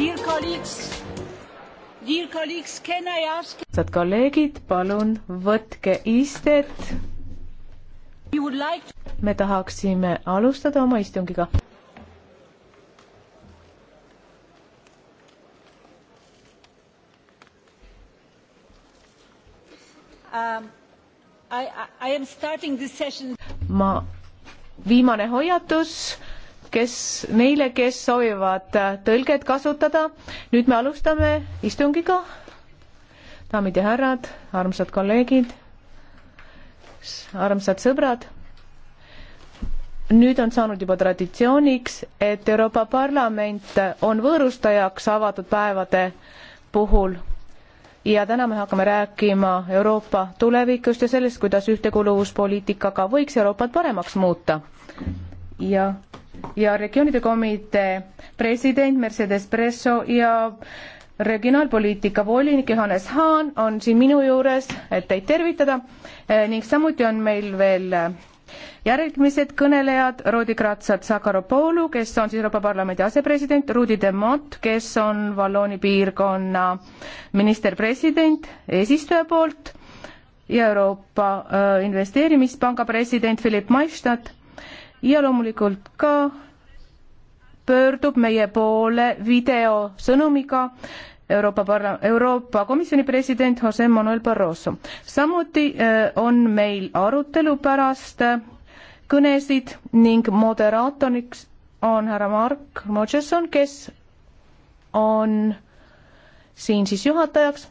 head kolleegid, palun võtke istet. me tahaksime alustada oma istungiga. Um, I, I, I am starting this session. ma, viimane hoiatus kes, neile, kes soovivad tõlget kasutada. nüüd me alustame istungiga. daamid ja härrad, armsad kolleegid, armsad sõbrad. nüüd on saanud juba traditsiooniks, et Euroopa Parlament on võõrustajaks avatud päevade puhul ja täna me hakkame rääkima Euroopa tulevikust ja sellest, kuidas ühtekuuluvuspoliitikaga võiks Euroopat paremaks muuta. ja ja regioonide komitee president Mercedes Presso ja regionaalpoliitika volinik Johannes Haan on siin minu juures, et teid tervitada eh, ning samuti on meil veel eh, järgmised kõnelejad, Rodi Kratsat Sakaropoulu, kes on siis Euroopa Parlamendi asepresident, Rudi Demott, kes on Vallooni piirkonna minister-president eesistuja poolt ja Euroopa eh, Investeerimispanga president Philip Maistat ja loomulikult ka pöördub meie poole videosõnumiga Euroopa Parla-, Euroopa Komisjoni president Jose Manuel Barroso. samuti äh, on meil arutelu pärast äh, kõnesid ning moderaatoriks on härra Mark Modžesson, kes on siin siis juhatajaks.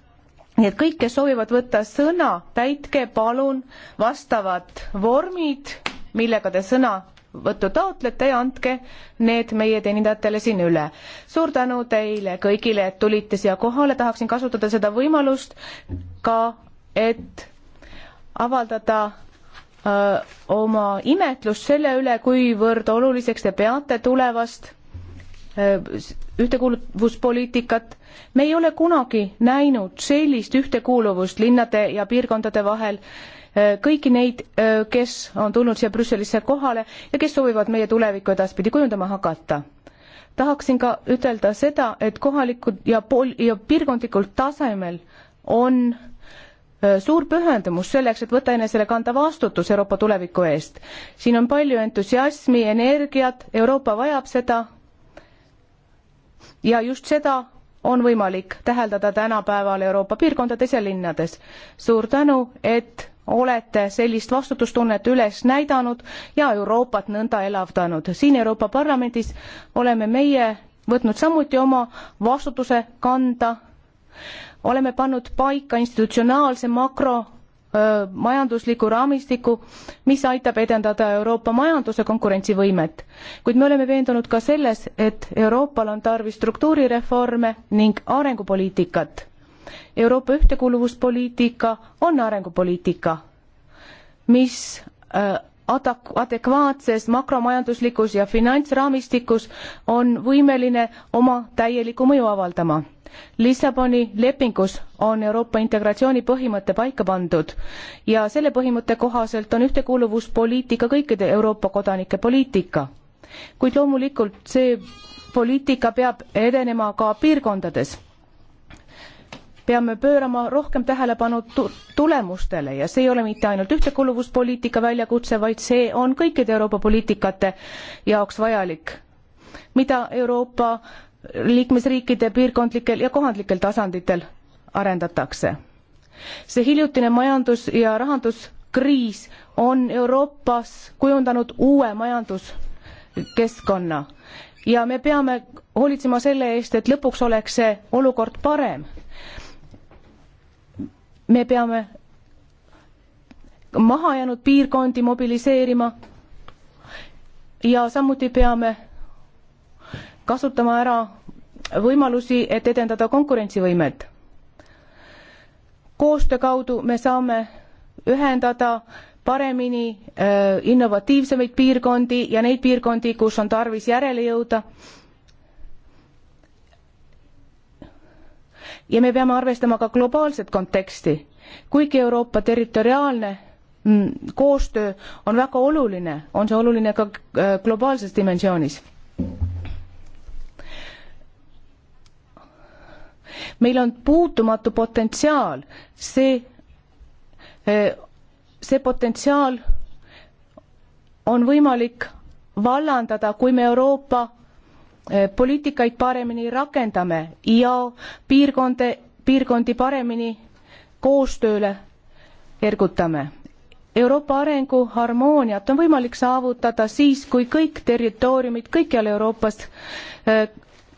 nii et kõik, kes soovivad võtta sõna, täitke palun vastavad vormid, millega te sõna võttu taotlete ja andke need meie teenindajatele siin üle. suur tänu teile kõigile, et tulite siia kohale, tahaksin kasutada seda võimalust ka, et avaldada öö, äh, oma imetlust selle üle, kuivõrd oluliseks te peate tulevast äh, ühtekuuluvuspoliitikat. me ei ole kunagi näinud sellist ühtekuuluvust linnade ja piirkondade vahel Äh, kõiki neid, äh, kes on tulnud siia Brüsselisse kohale ja kes soovivad meie tulevikku edaspidi kujundama hakata. tahaksin ka ütelda seda, et kohalikud ja pol- ja piirkondlikul tasemel on äh, suur pühendumus selleks, et võtta enesele kanda vastutus Euroopa tuleviku eest. siin on palju entusiasmi, energiat, Euroopa vajab seda ja just seda on võimalik täheldada tänapäeval Euroopa piirkondades ja linnades. suur tänu, et olete sellist vastutustunnet üles näidanud ja Euroopat nõnda elavdanud. siin Euroopa Parlamendis oleme meie võtnud samuti oma vastutuse kanda, oleme pannud paika institutsionaalse makro öö, majandusliku raamistiku, mis aitab edendada Euroopa majanduse konkurentsivõimet. kuid me oleme veendunud ka selles, et Euroopal on tarvis struktuurireforme ning arengupoliitikat Euroopa ühtekuuluvuspoliitika on arengupoliitika, mis äh, adak-, adekvaatses makromajanduslikus ja finantsraamistikus on võimeline oma täielikku mõju avaldama. Lissaboni lepingus on Euroopa integratsiooni põhimõte paika pandud ja selle põhimõtte kohaselt on ühtekuuluvuspoliitika kõikide Euroopa kodanike poliitika. kuid loomulikult see poliitika peab edenema ka piirkondades peame pöörama rohkem tähelepanu tulemustele ja see ei ole mitte ainult ühtekuluvuspoliitika väljakutse, vaid see on kõikide Euroopa poliitikate jaoks vajalik, mida Euroopa liikmesriikide piirkondlikel ja kohandlikel tasanditel arendatakse. see hiljutine majandus- ja rahanduskriis on Euroopas kujundanud uue majanduskeskkonna ja me peame hoolitsema selle eest, et lõpuks oleks see olukord parem me peame mahajäänud piirkondi mobiliseerima ja samuti peame kasutama ära võimalusi, et edendada konkurentsivõimet. koostöö kaudu me saame ühendada paremini äh, innovatiivsemaid piirkondi ja neid piirkondi, kus on tarvis järele jõuda ja me peame arvestama ka globaalset konteksti. kuigi Euroopa territoriaalne mm, koostöö on väga oluline, on see oluline ka äh, globaalses dimensioonis. meil on puutumatu potentsiaal, see, äh, see potentsiaal on võimalik vallandada, kui me Euroopa Äh, poliitikaid paremini rakendame ja piirkonde, piirkondi paremini koostööle ergutame. Euroopa arengu harmooniat on võimalik saavutada siis, kui kõik territooriumid kõikjal Euroopas äh,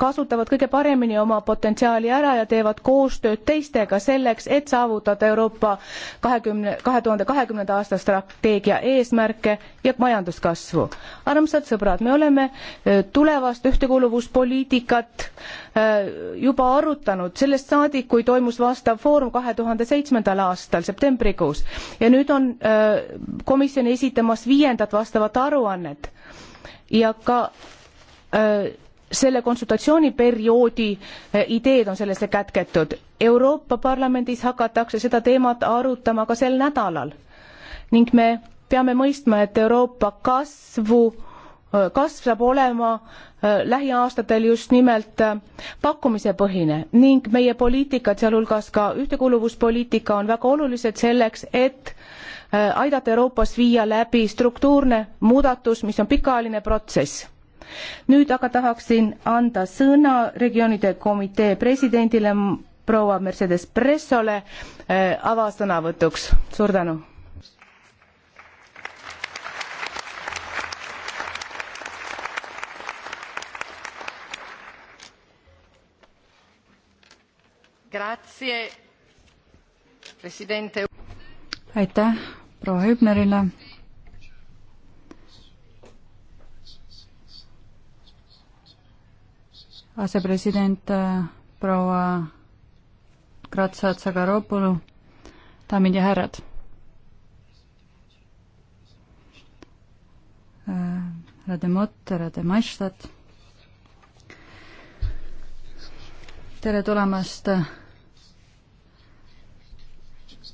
kasutavad kõige paremini oma potentsiaali ära ja teevad koostööd teistega selleks, et saavutada Euroopa kahekümne, kahe tuhande kahekümnenda aasta strateegia eesmärke ja majanduskasvu. armsad sõbrad, me oleme eh, tulevast ühtekuuluvuspoliitikat eh, juba arutanud sellest saadik, kui toimus vastav foorum kahe tuhande seitsmendal aastal septembrikuus ja nüüd on eh, komisjon esitamas viiendat vastavat aruannet ja ka öö, selle konsultatsiooniperioodi eh, ideed on sellesse kätketud. Euroopa Parlamendis hakatakse seda teemat arutama ka sel nädalal ning me peame mõistma, et Euroopa kasvu, eh, kasv saab olema eh, lähiaastatel just nimelt pakkumisepõhine ning meie poliitikad, sealhulgas ka ühtekuuluvuspoliitika, on väga olulised selleks, et aidata Euroopas viia läbi struktuurne muudatus, mis on pikaajaline protsess nüüd aga tahaksin anda sõna regioonide komitee presidendile proua Mercedes Pressole äh, avasõnavõtuks, suur tänu. aitäh proua Hübnerile asepresident äh, proua Gratsat Sagaropulu, daamid ja härrad. härra äh, Demott, härra Demaštat. tere tulemast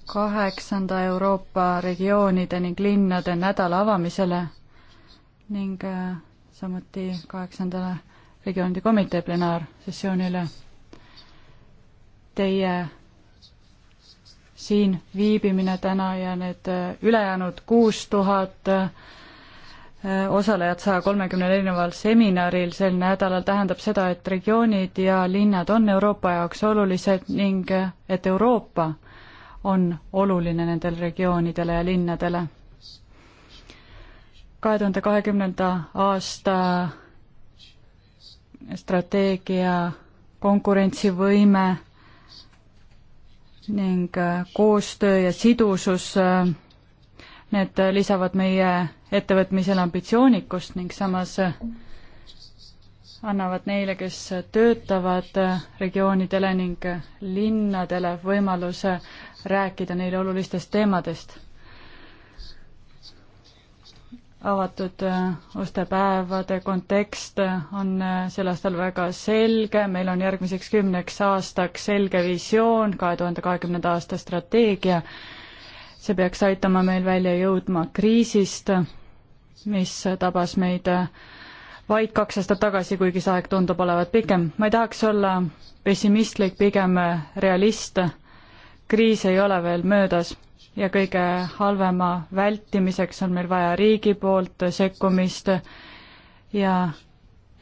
kaheksanda Euroopa regioonide ning linnade nädala avamisele ning äh, samuti kaheksandale regioonide komitee plenaarsessioonile. Teie siin viibimine täna ja need äh, ülejäänud kuus tuhat äh, osalejad saja kolmekümnel erineval seminaril sel nädalal tähendab seda, et regioonid ja linnad on Euroopa jaoks olulised ning äh, et Euroopa on oluline nendele regioonidele ja linnadele. kahe tuhande kahekümnenda aasta strateegia, konkurentsivõime ning äh, koostöö ja sidusus, äh, need lisavad meie ettevõtmisele ambitsioonikust ning samas äh, annavad neile, kes töötavad regioonidele ning linnadele võimaluse rääkida neile olulistest teemadest avatud äh, ostepäevade kontekst äh, on äh, sel aastal väga selge, meil on järgmiseks kümneks aastaks selge visioon, kahe tuhande kahekümnenda aasta strateegia. see peaks aitama meil välja jõudma kriisist, mis tabas meid vaid kaks aastat tagasi, kuigi see aeg tundub olevat pikem. ma ei tahaks olla pessimistlik, pigem realist. kriis ei ole veel möödas ja kõige halvema vältimiseks on meil vaja riigi poolt sekkumist ja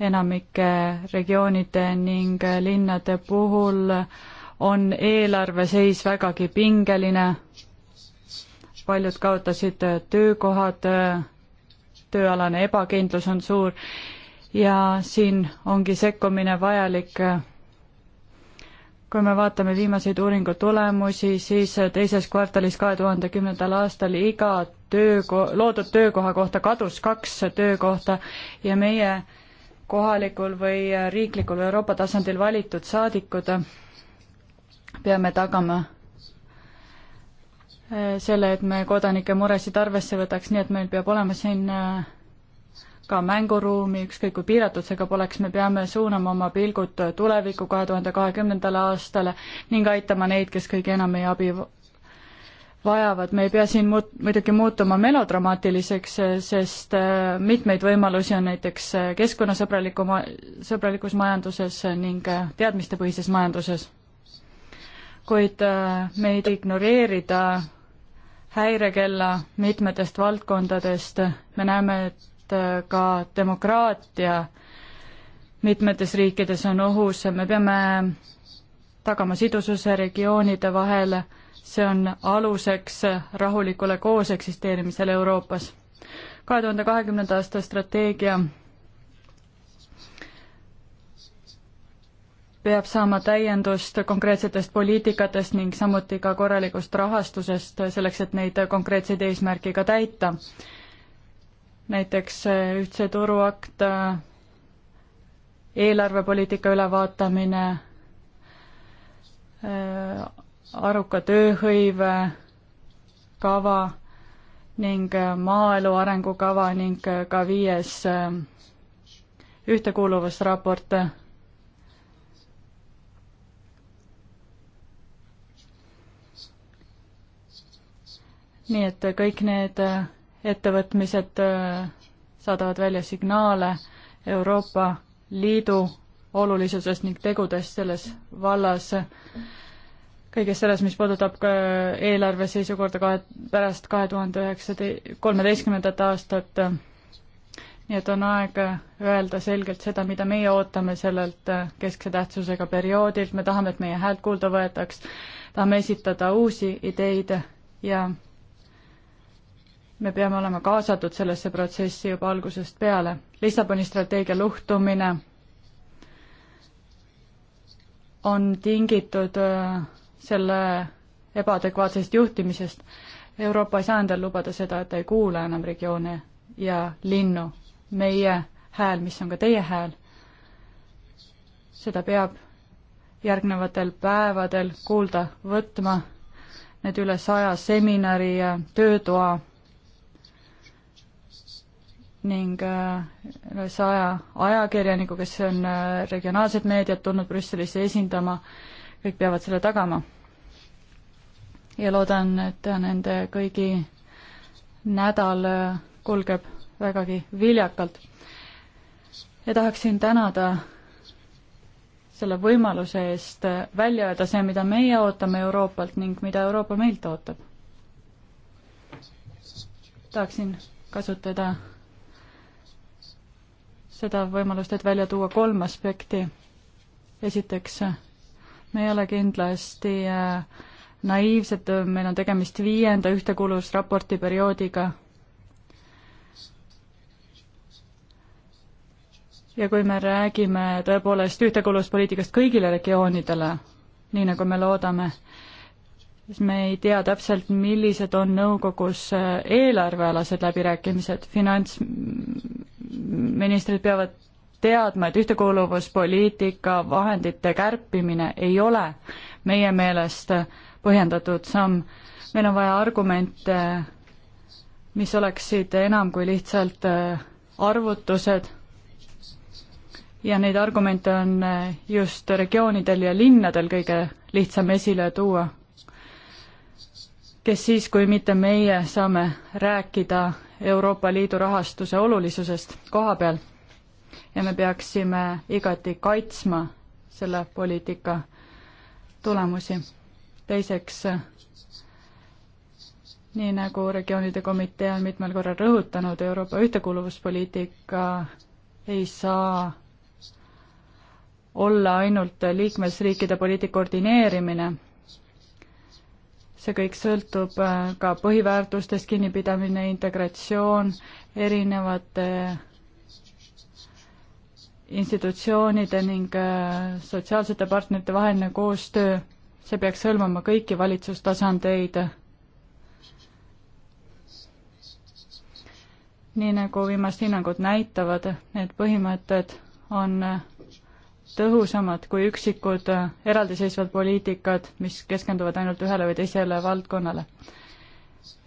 enamike regioonide ning linnade puhul on eelarve seis vägagi pingeline. paljud kaotasid töökohad, tööalane ebakindlus on suur ja siin ongi sekkumine vajalik kui me vaatame viimaseid uuringu tulemusi, siis teises kvartalis kahe tuhande kümnendal aastal iga tööko-, loodud töökoha kohta kadus kaks töökohta ja meie kohalikul või riiklikul või Euroopa tasandil valitud saadikud peame tagama äh, selle, et me kodanike muresid arvesse võtaks, nii et meil peab olema siin äh, ka mänguruumi, ükskõik kui piiratud see ka poleks, me peame suunama oma pilgud tulevikku kahe tuhande kahekümnendale aastale ning aitama neid, kes kõige enam meie abi vajavad, me ei pea siin muut-, muidugi muutuma melodramaatiliseks, sest äh, mitmeid võimalusi on näiteks äh, keskkonnasõbraliku ma-, sõbralikus majanduses ning äh, teadmistepõhises majanduses. kuid meid ignoreerida häirekella mitmetest valdkondadest, me näeme, et Äh, ka demokraatia mitmetes riikides on ohus, me peame tagama sidususe regioonide vahel, see on aluseks rahulikule kooseksisteerimisele Euroopas. kahe tuhande kahekümnenda aasta strateegia peab saama täiendust konkreetsetest poliitikatest ning samuti ka korralikust rahastusest selleks, et neid konkreetseid eesmärke ka täita näiteks ühtse turu akt, eelarvepoliitika ülevaatamine, aruka tööhõive kava ning maaelu arengukava ning ka viies ühtekuuluvusraport. nii et kõik need ettevõtmised äh, saadavad välja signaale Euroopa Liidu olulisusest ning tegudest selles vallas, kõiges selles, mis puudutab ka eelarve seisukorda kahe, pärast kahe tuhande üheksate-, kolmeteistkümnendat aastat. nii et on aeg öelda selgelt seda, mida meie ootame sellelt keskse tähtsusega perioodilt, me tahame, et meie häält kuulda võetaks, tahame esitada uusi ideid ja me peame olema kaasatud sellesse protsessi juba algusest peale. Lissaboni strateegia luhtumine on tingitud äh, selle ebaadekvaatsest juhtimisest. Euroopa ei saa endal lubada seda, et ta ei kuula enam regioone ja linnu. meie hääl, mis on ka teie hääl, seda peab järgnevatel päevadel kuulda võtma. Need üle saja seminari ja töötoa ning üle äh, saja ajakirjaniku, kes on äh, regionaalset meediat tulnud Brüsselisse esindama, kõik peavad selle tagama. ja loodan, et nende kõigi nädal äh, kulgeb vägagi viljakalt. ja tahaksin tänada selle võimaluse eest välja öelda see, mida meie ootame Euroopalt ning mida Euroopa meilt ootab. tahaksin kasutada seda võimalust, et välja tuua kolm aspekti. esiteks, me ei ole kindlasti äh, naiivsed, meil on tegemist viienda ühtekuuluvusraporti perioodiga. ja kui me räägime tõepoolest ühtekuuluvuspoliitikast kõigile regioonidele, nii nagu me loodame, siis me ei tea täpselt, millised on nõukogus äh, eelarvealased läbirääkimised, finants ministrid peavad teadma, et ühtekuuluvuspoliitika vahendite kärpimine ei ole meie meelest põhjendatud samm. meil on vaja argumente, mis oleksid enam kui lihtsalt äh, arvutused ja neid argumente on äh, just regioonidel ja linnadel kõige lihtsam esile tuua, kes siis, kui mitte meie, saame rääkida Euroopa Liidu rahastuse olulisusest koha peal ja me peaksime igati kaitsma selle poliitika tulemusi. teiseks, nii nagu regioonide komitee on mitmel korral rõhutanud, Euroopa ühtekuuluvuspoliitika ei saa olla ainult liikmesriikide poliitika koordineerimine see kõik sõltub äh, ka põhiväärtustest kinnipidamine, integratsioon erinevate äh, institutsioonide ning äh, sotsiaalsete partnerite vaheline koostöö, see peaks hõlmama kõiki valitsustasandeid. nii nagu viimased hinnangud näitavad, need põhimõtted on tõhusamad kui üksikud äh, eraldiseisvad poliitikad, mis keskenduvad ainult ühele või teisele valdkonnale.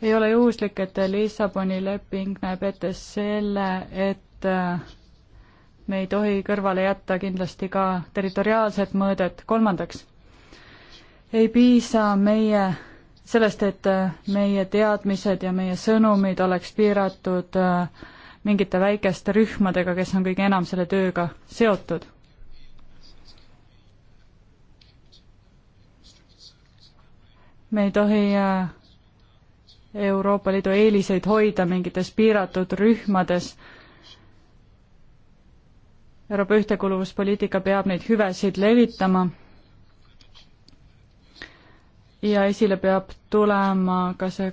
ei ole juhuslik, et Lissaboni leping näeb ette selle, et äh, me ei tohi kõrvale jätta kindlasti ka territoriaalset mõõdet. kolmandaks, ei piisa meie sellest, et äh, meie teadmised ja meie sõnumid oleks piiratud mingite väikeste rühmadega, kes on kõige enam selle tööga seotud me ei tohi äh, Euroopa Liidu eeliseid hoida mingites piiratud rühmades. Euroopa ühtekuluvuspoliitika peab neid hüvesid levitama ja esile peab tulema ka see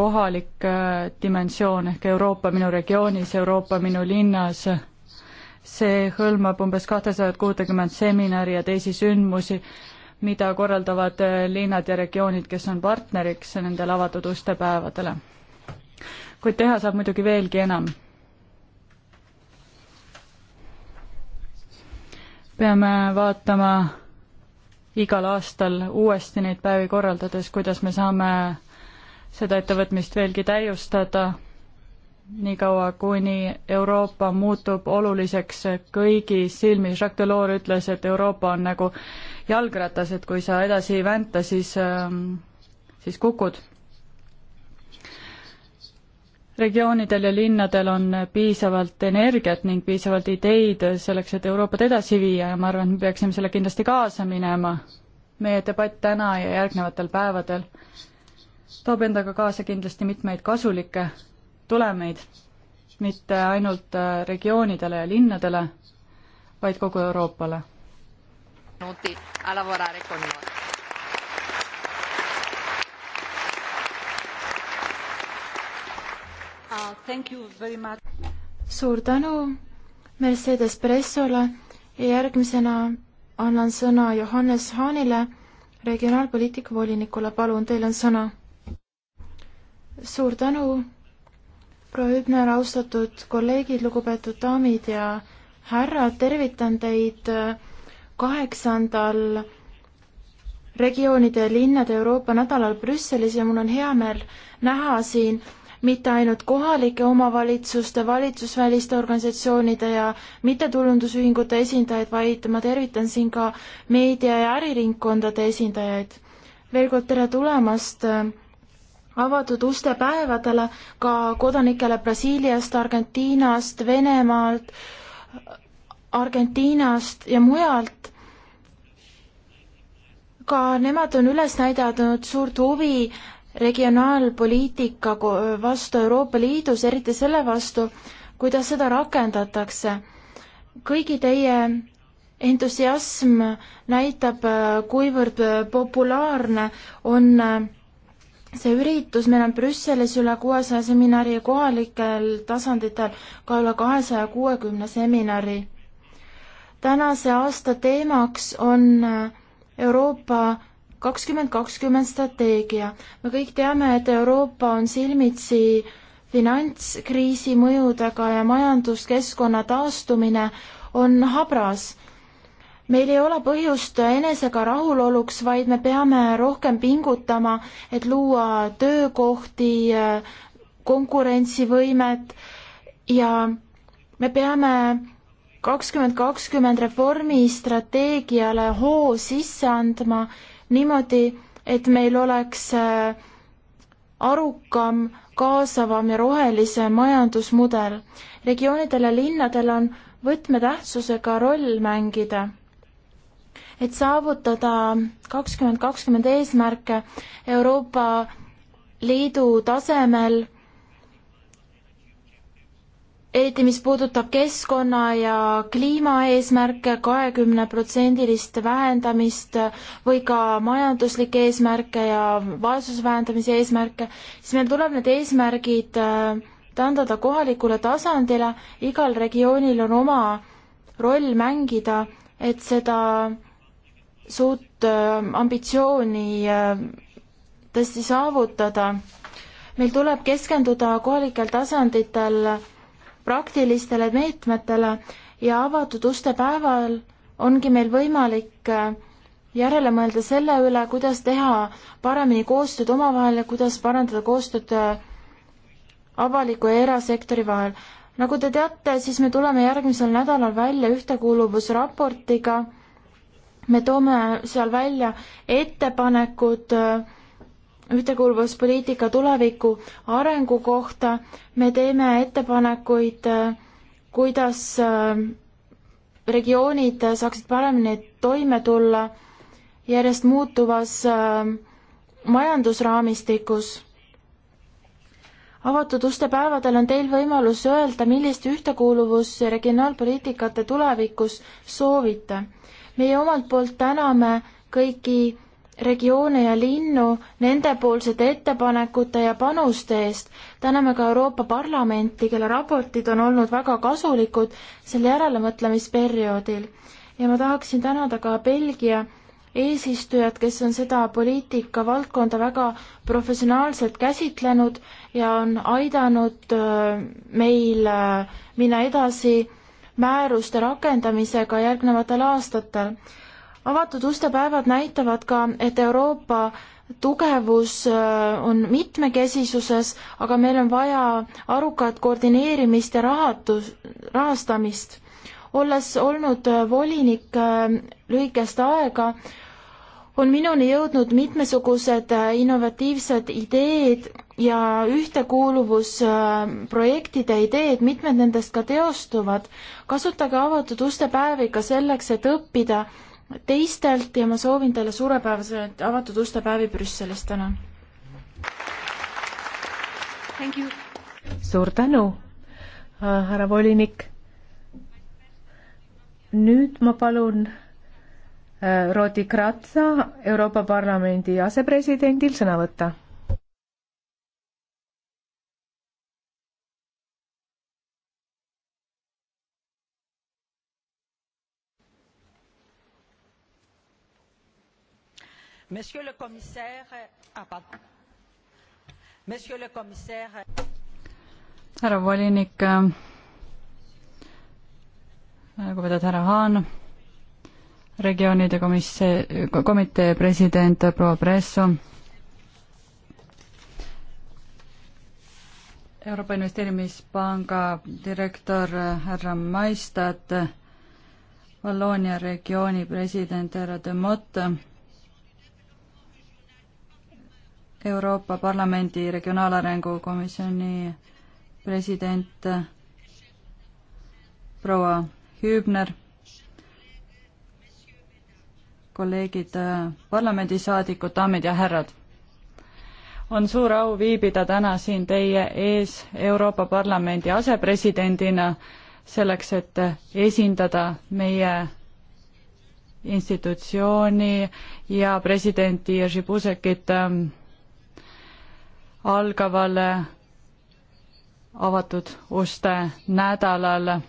kohalik äh, dimensioon ehk Euroopa minu regioonis, Euroopa minu linnas. see hõlmab umbes kahtesajat kuutekümmet seminari ja teisi sündmusi mida korraldavad äh, linnad ja regioonid, kes on partneriks nendel avatud uste päevadele. kuid teha saab muidugi veelgi enam. peame vaatama igal aastal uuesti neid päevi korraldades, kuidas me saame seda ettevõtmist veelgi täiustada, niikaua kuni Euroopa muutub oluliseks kõigi silmis. Jacques Delors ütles, et Euroopa on nagu äh, jalgratas, et kui sa edasi ei vänta, siis, ähm, siis kukud. regioonidel ja linnadel on piisavalt energiat ning piisavalt ideid selleks, et Euroopat edasi viia ja ma arvan, et me peaksime selle kindlasti kaasa minema. meie debatt täna ja järgnevatel päevadel toob endaga kaasa kindlasti mitmeid kasulikke tulemeid, mitte ainult äh, regioonidele ja linnadele, vaid kogu Euroopale benvenuti a lavorare con noi. Ah, suur tänu Mercedes Pressole ja järgmisena annan sõna Johannes Haanile, regionaalpoliitika volinikule, palun, teil on sõna. suur tänu, proua Hübner, austatud kolleegid, lugupeetud daamid ja härrad, tervitan teid äh, kaheksandal regioonide ja linnade Euroopa nädalal Brüsselis ja mul on hea meel näha siin mitte ainult kohalike omavalitsuste, valitsusväliste organisatsioonide ja mittetulundusühingute esindajaid, vaid ma tervitan siin ka meedia ja äriringkondade esindajaid. veel kord tere tulemast äh, avatud uste päevadele ka kodanikele Brasiiliast, Argentiinast, Venemaalt, Argentiinast ja mujalt, ka nemad on üles näidanud suurt huvi regionaalpoliitika vastu Euroopa Liidus, eriti selle vastu, kuidas seda rakendatakse. kõigi teie entusiasm näitab, kuivõrd populaarne on äh, see üritus, meil on Brüsselis üle kuuesaja seminari ja kohalikel tasanditel ka üle kahesaja kuuekümne seminari tänase aasta teemaks on äh, Euroopa kakskümmend kakskümmend strateegia. me kõik teame, et Euroopa on silmitsi finantskriisi mõjudega ja majanduskeskkonna taastumine on habras. meil ei ole põhjust enesega rahuloluks, vaid me peame rohkem pingutama, et luua töökohti, äh, konkurentsivõimet ja me peame kakskümmend kakskümmend reformi strateegiale hoo sisse andma niimoodi, et meil oleks äh, arukam, kaasavam ja rohelisem majandusmudel. regioonidel ja linnadel on võtmetähtsusega roll mängida. et saavutada kakskümmend kakskümmend eesmärke Euroopa Liidu tasemel eriti mis puudutab keskkonna ja kliimaeesmärke, kahekümneprotsendilist vähendamist või ka majanduslikke eesmärke ja vaesuse vähendamise eesmärke, siis meil tuleb need eesmärgid äh, tandada kohalikule tasandile, igal regioonil on oma roll mängida, et seda suurt äh, ambitsiooni äh, tõesti saavutada. meil tuleb keskenduda kohalikel tasanditel praktilistele meetmetele ja avatud uste päeval ongi meil võimalik äh, järele mõelda selle üle, kuidas teha paremini koostööd omavahel ja kuidas parandada koostööd äh, avaliku ja erasektori vahel. nagu te teate, siis me tuleme järgmisel nädalal välja ühtekuuluvusraportiga. me toome seal välja ettepanekud äh, ühtekuuluvuspoliitika tuleviku arengu kohta. me teeme ettepanekuid, kuidas äh, regioonid saaksid paremini toime tulla järjest muutuvas äh, majandusraamistikus. avatud uste päevadel on teil võimalus öelda, millist ühtekuuluvus regionaalpoliitikate tulevikus soovite. meie omalt poolt täname kõiki regioone ja linnu nendepoolsete ettepanekute ja panuste eest. täname ka Euroopa Parlamenti, kelle raportid on olnud väga kasulikud sel järelemõtlemisperioodil. ja ma tahaksin tänada ka Belgia eesistujad, kes on seda poliitika valdkonda väga professionaalselt käsitlenud ja on aidanud äh, meil äh, minna edasi määruste rakendamisega järgnevatel aastatel avatud uste päevad näitavad ka, et Euroopa tugevus äh, on mitmekesisuses, aga meil on vaja arukat koordineerimist ja rahatus, rahastamist. olles olnud äh, volinik äh, lühikest aega, on minuni jõudnud mitmesugused innovatiivsed ideed ja ühtekuuluvusprojektide ideed, mitmed nendest ka teostuvad. kasutage avatud uste päevi ka selleks, et õppida teistelt ja ma soovin teile suurepäraseid avatud uste päevi Brüsselis täna. suur tänu, äh, härra volinik. nüüd ma palun äh, Rodi Kratsa Euroopa Parlamendi asepresidendil sõna võtta Monsieur le commissaire, ah, pardon. Monsieur le commissaire. härra volinik, äh, lugupeetud härra Haan, regioonide komissee, komitee president proua Presso Euroopa Investeerimispanga direktor härra Maistad, Valloonia regiooni president härra De Motte Euroopa Parlamendi Regionaalarengu Komisjoni president proua Hübner, kolleegid parlamendisaadikud, daamid ja härrad. on suur au viibida täna siin teie ees Euroopa Parlamendi asepresidendina selleks, et esindada meie institutsiooni ja presidenti Jerzy Buzekit äh, algaval avatud uste nädalal.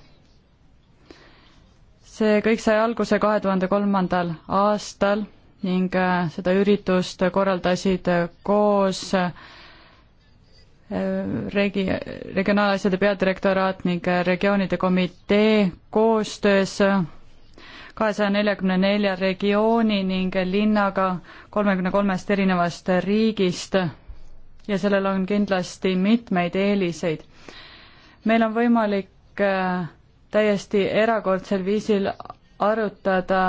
see kõik sai alguse kahe tuhande kolmandal aastal ning äh, seda üritust korraldasid äh, koos äh, regi-, regionaalasjade peadirektoraat ning regioonide komitee koostöös kahesaja neljakümne nelja regiooni ning linnaga kolmekümne kolmest erinevast riigist ja sellel on kindlasti mitmeid eeliseid. meil on võimalik äh, täiesti erakordsel viisil arutada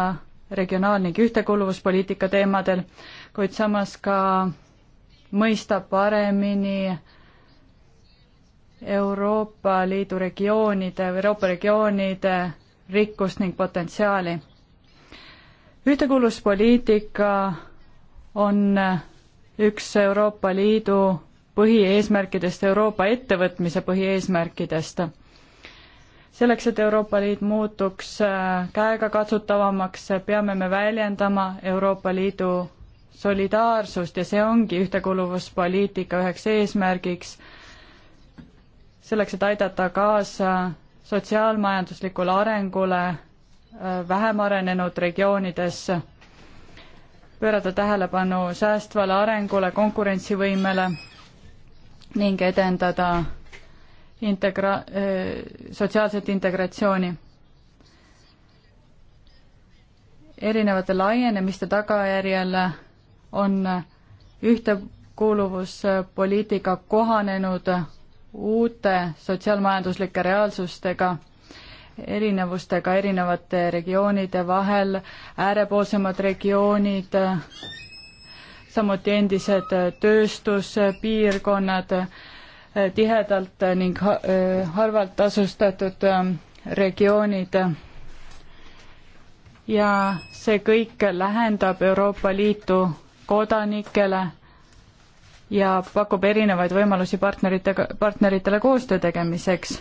regionaal- ning ühtekuuluvuspoliitika teemadel, kuid samas ka mõista paremini Euroopa Liidu regioonide, Euroopa regioonide rikkust ning potentsiaali. ühtekuuluvuspoliitika on üks Euroopa Liidu põhieesmärkidest, Euroopa ettevõtmise põhieesmärkidest. selleks, et Euroopa Liit muutuks äh, käegakatsutavamaks, peame me väljendama Euroopa Liidu solidaarsust ja see ongi ühtekuuluvuspoliitika üheks eesmärgiks, selleks, et aidata kaasa sotsiaalmajanduslikule arengule äh, vähem arenenud regioonides pöörata tähelepanu säästvale arengule, konkurentsivõimele ning edendada integra-, eh, sotsiaalset integratsiooni. erinevate laienemiste tagajärjel on ühtekuuluvuspoliitika kohanenud uute sotsiaalmajanduslike reaalsustega erinevustega erinevate regioonide vahel, äärepoolsemad regioonid, samuti endised tööstuspiirkonnad, tihedalt ning harvalt asustatud ähm, regioonid. ja see kõik lähendab Euroopa Liitu kodanikele ja pakub erinevaid võimalusi partneritega, partneritele koostöö tegemiseks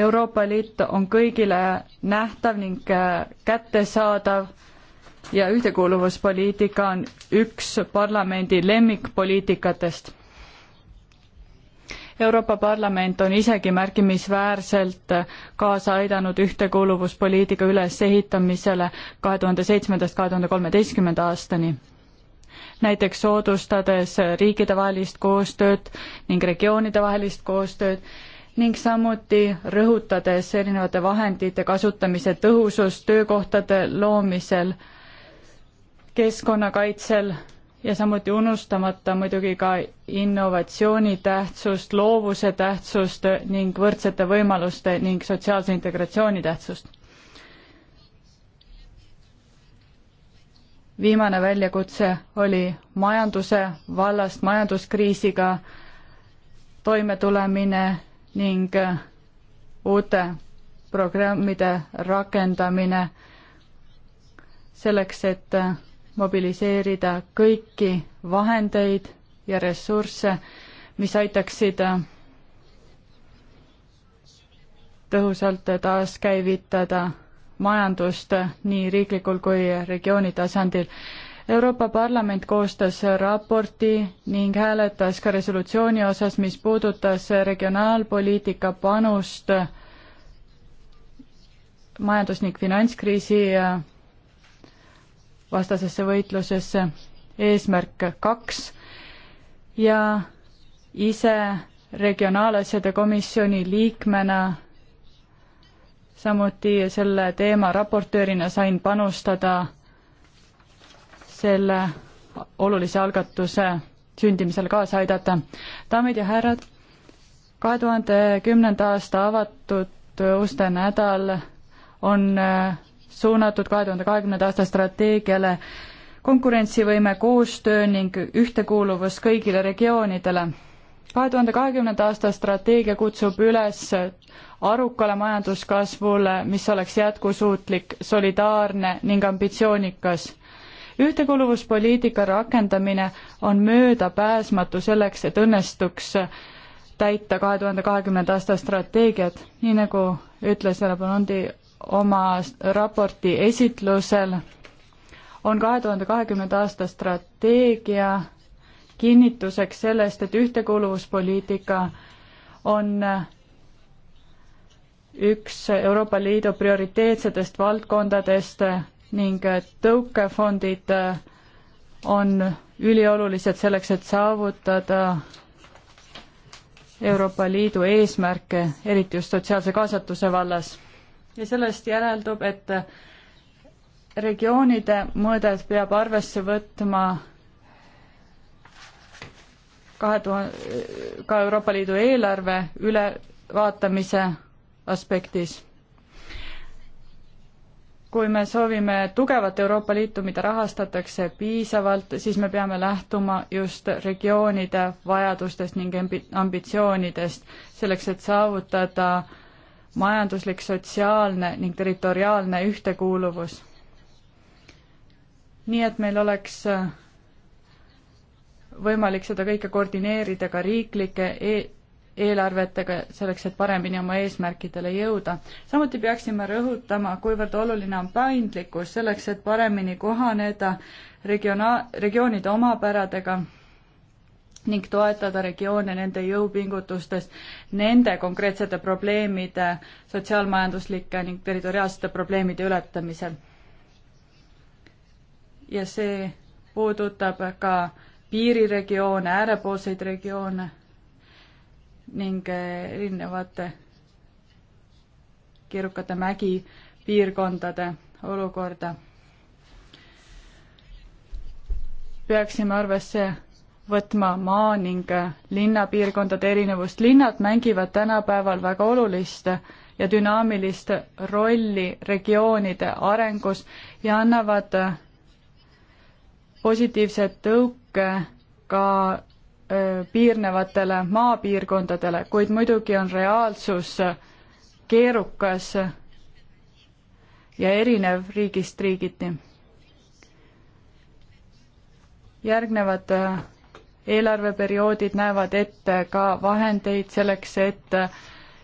Euroopa Liit on kõigile nähtav ning äh, kättesaadav ja ühtekuuluvuspoliitika on üks parlamendi lemmikpoliitikatest. Euroopa Parlament on isegi märkimisväärselt kaasa aidanud ühtekuuluvuspoliitika ülesehitamisele kahe tuhande seitsmendast kahe tuhande kolmeteistkümnenda aastani näiteks soodustades riikidevahelist koostööd ning regioonidevahelist koostööd ning samuti rõhutades erinevate vahendite kasutamise tõhusust töökohtade loomisel, keskkonnakaitsel ja samuti unustamata muidugi ka innovatsiooni tähtsust, loovuse tähtsust ning võrdsete võimaluste ning sotsiaalse integratsiooni tähtsust. viimane väljakutse oli majanduse vallast majanduskriisiga toimetulemine ning äh, uute programmide rakendamine selleks, et äh, mobiliseerida kõiki vahendeid ja ressursse, mis aitaksid äh, tõhusalt taaskäivitada majandust nii riiklikul kui regiooni tasandil Euroopa Parlament koostas raporti ning hääletas ka resolutsiooni osas, mis puudutas regionaalpoliitika panust majandus- ning finantskriisi äh, vastasesse võitlusesse, eesmärk kaks ja ise regionaalasjade komisjoni liikmena samuti selle teema raportöörina sain panustada selle olulise algatuse sündimisel kaasa aidata. daamid ja härrad, kahe tuhande kümnenda aasta avatud uste nädal on äh, suunatud kahe tuhande kahekümnenda aasta strateegiale konkurentsivõime, koostöö ning ühtekuuluvus kõigile regioonidele. kahe tuhande kahekümnenda aasta strateegia kutsub üles arukale majanduskasvule, mis oleks jätkusuutlik, solidaarne ning ambitsioonikas ühtekuuluvuspoliitika rakendamine on möödapääsmatu selleks, et õnnestuks täita kahe tuhande kahekümnenda aasta strateegiat, nii nagu ütles härra Bonondi oma raporti esitlusel, on kahe tuhande kahekümnenda aasta strateegia kinnituseks sellest, et ühtekuuluvuspoliitika on üks Euroopa Liidu prioriteetsetest valdkondadest ning äh, tõukefondid äh, on üliolulised selleks, et saavutada Euroopa Liidu eesmärke, eriti just sotsiaalse kaasatuse vallas. ja sellest järeldub, et regioonide mõõdet peab arvesse võtma kahe tuhande, ka Euroopa Liidu eelarve ülevaatamise aspektis kui me soovime tugevat Euroopa Liitu, mida rahastatakse piisavalt, siis me peame lähtuma just regioonide vajadustest ning ambitsioonidest, selleks et saavutada majanduslik, sotsiaalne ning territoriaalne ühtekuuluvus. nii et meil oleks äh, võimalik seda kõike koordineerida ka riiklike e eelarvetega, selleks et paremini oma eesmärkidele jõuda. samuti peaksime rõhutama, kuivõrd oluline on paindlikkus selleks, et paremini kohaneda regiona-, regioonide omapäradega ning toetada regioone nende jõupingutustes, nende konkreetsete probleemide, sotsiaalmajanduslike ning territoriaalsete probleemide ületamisel. ja see puudutab ka piiriregioone, äärepoolseid regioone ning eh, erinevate keerukate mägipiirkondade olukorda. peaksime arvesse võtma maa- ning eh, linnapiirkondade erinevust. linnad mängivad tänapäeval väga olulist ja dünaamilist rolli regioonide arengus ja annavad eh, positiivse tõuke ka piirnevatele maapiirkondadele, kuid muidugi on reaalsus keerukas ja erinev riigist riigiti. järgnevad eelarveperioodid näevad ette ka vahendeid selleks, et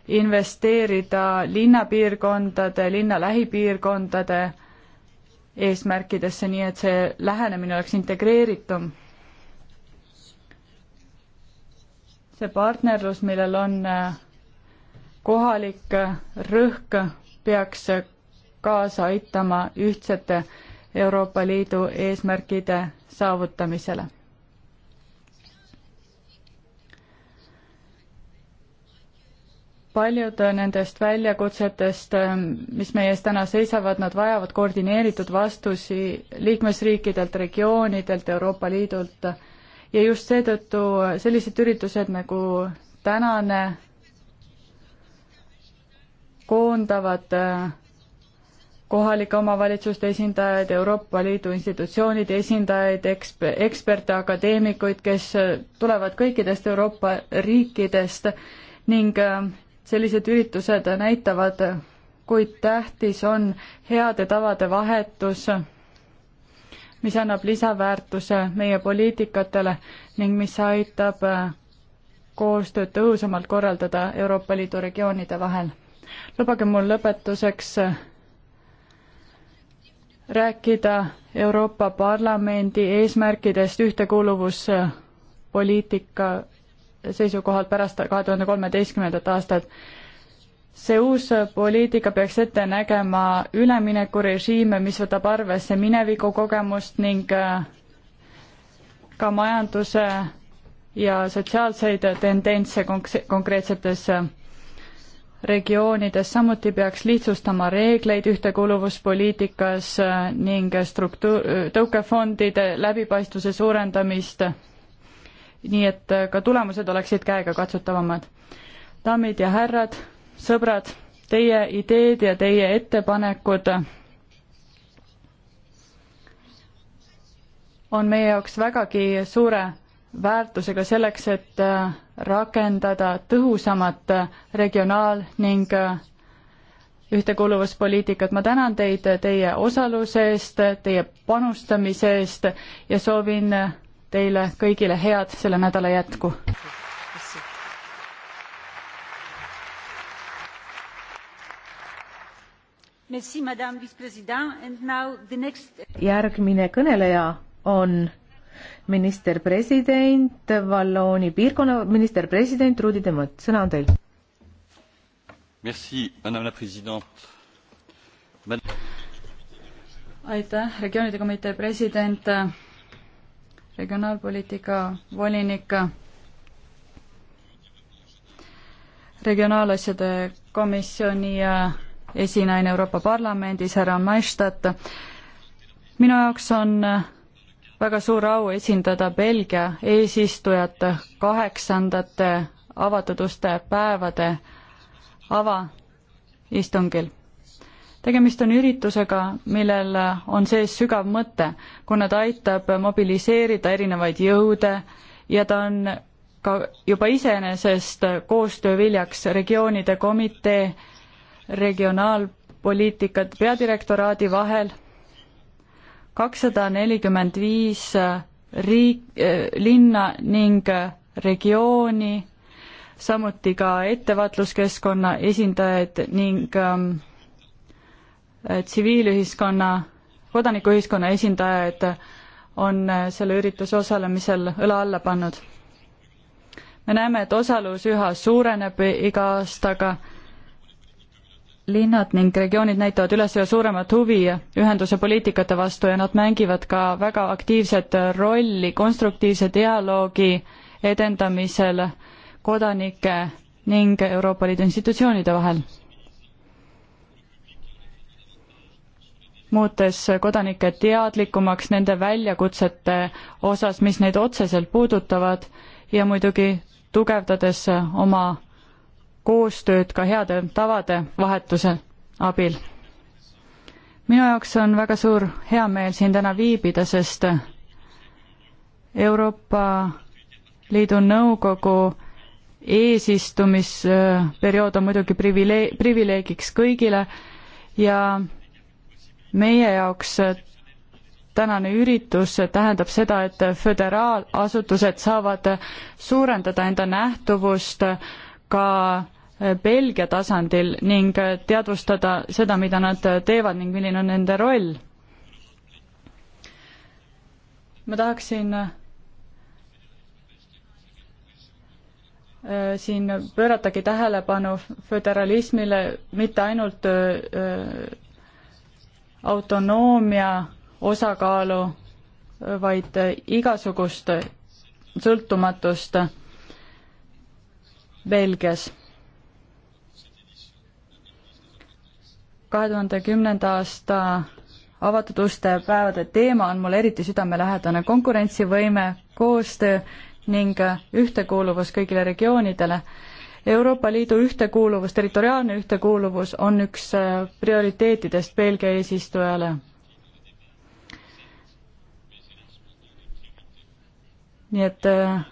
investeerida linnapiirkondade, linna lähipiirkondade eesmärkidesse, nii et see lähenemine oleks integreeritum see partnerlus, millel on äh, kohalik äh, rõhk, peaks äh, kaasa aitama ühtsete Euroopa Liidu eesmärkide saavutamisele. paljud nendest väljakutsetest, mis meie ees täna seisavad, nad vajavad koordineeritud vastusi liikmesriikidelt, regioonidelt, Euroopa Liidult ja just seetõttu sellised üritused nagu tänane koondavad äh, kohalike omavalitsuste esindajaid, Euroopa Liidu institutsioonide esindajaid, eksper-, eksperte, akadeemikuid, kes äh, tulevad kõikidest Euroopa riikidest ning äh, sellised üritused näitavad, kui tähtis on heade tavade vahetus mis annab lisaväärtuse meie poliitikatele ning mis aitab äh, koostööd tõhusamalt korraldada Euroopa Liidu regioonide vahel. lubage mul lõpetuseks äh, rääkida Euroopa Parlamendi eesmärkidest ühtekuuluvuspoliitika seisukohalt pärast kahe tuhande kolmeteistkümnendat aastat see uus poliitika peaks ette nägema üleminekurežiime, mis võtab arvesse mineviku kogemust ning äh, ka majanduse ja sotsiaalseid tendentse konkreetsetes äh, regioonides, samuti peaks lihtsustama reegleid ühtekuuluvuspoliitikas äh, ning struktuur, tõukefondide läbipaistvuse suurendamist, nii et ka tulemused oleksid käegakatsutavamad. daamid ja härrad sõbrad, teie ideed ja teie ettepanekud on meie jaoks vägagi suure väärtusega selleks, et äh, rakendada tõhusamat äh, regionaal- ning äh, ühtekuuluvuspoliitikat. ma tänan teid teie osaluse eest, teie panustamise eest ja soovin teile kõigile head selle nädala jätku! Next... järgmine kõneleja on minister-president, Vallooni piirkonna minister-president Rudi Demõtt, sõna on teil. Merci, madame la president Mad.... aitäh, regioonide komitee president, regionaalpoliitika volinik, regionaalasjade komisjoni esinaine Euroopa Parlamendis, härra Maestat. minu jaoks on väga suur au esindada Belgia eesistujat kaheksandate avatud uste päevade avaistungil. tegemist on üritusega, millel on sees sügav mõte, kuna ta aitab mobiliseerida erinevaid jõude ja ta on ka juba iseenesest koostöö viljaks regioonide komitee regionaalpoliitikat peadirektoraadi vahel. kakssada nelikümmend viis eh, riik, eh, linna ning eh, regiooni, samuti ka ettevaatluskeskkonna esindajaid ning ähm, tsiviilühiskonna, kodanikuühiskonna esindajaid on selle ürituse osalemisel õla alla pannud. me näeme, et osalus üha suureneb iga aastaga linnad ning regioonid näitavad üles üha suuremat huvi ühenduse poliitikate vastu ja nad mängivad ka väga aktiivset rolli konstruktiivse dialoogi edendamisel kodanike ning Euroopa Liidu institutsioonide vahel. muutes kodanikke teadlikumaks nende väljakutsete osas, mis neid otseselt puudutavad ja muidugi tugevdades oma koostööd ka heade tavade vahetuse abil. minu jaoks on väga suur heameel siin täna viibida, sest Euroopa Liidu Nõukogu eesistumisperiood on muidugi privilee-, privileegiks kõigile ja meie jaoks tänane üritus tähendab seda, et föderaalasutused saavad suurendada enda nähtavust äh, ka äh, Belgia tasandil ning äh, teadvustada seda, mida nad äh, teevad ning milline on nende roll. ma tahaksin siin pööratagi tähelepanu föderalismile mitte ainult autonoomia osakaalu, vaid igasugust sõltumatust Belgias. kahe tuhande kümnenda aasta avatud uste päevade teema on mulle eriti südamelähedane, konkurentsivõime, koostöö ning ühtekuuluvus kõigile regioonidele. Euroopa Liidu ühtekuuluvus, territoriaalne ühtekuuluvus on üks äh, prioriteetidest Belgia eesistujale. nii et äh,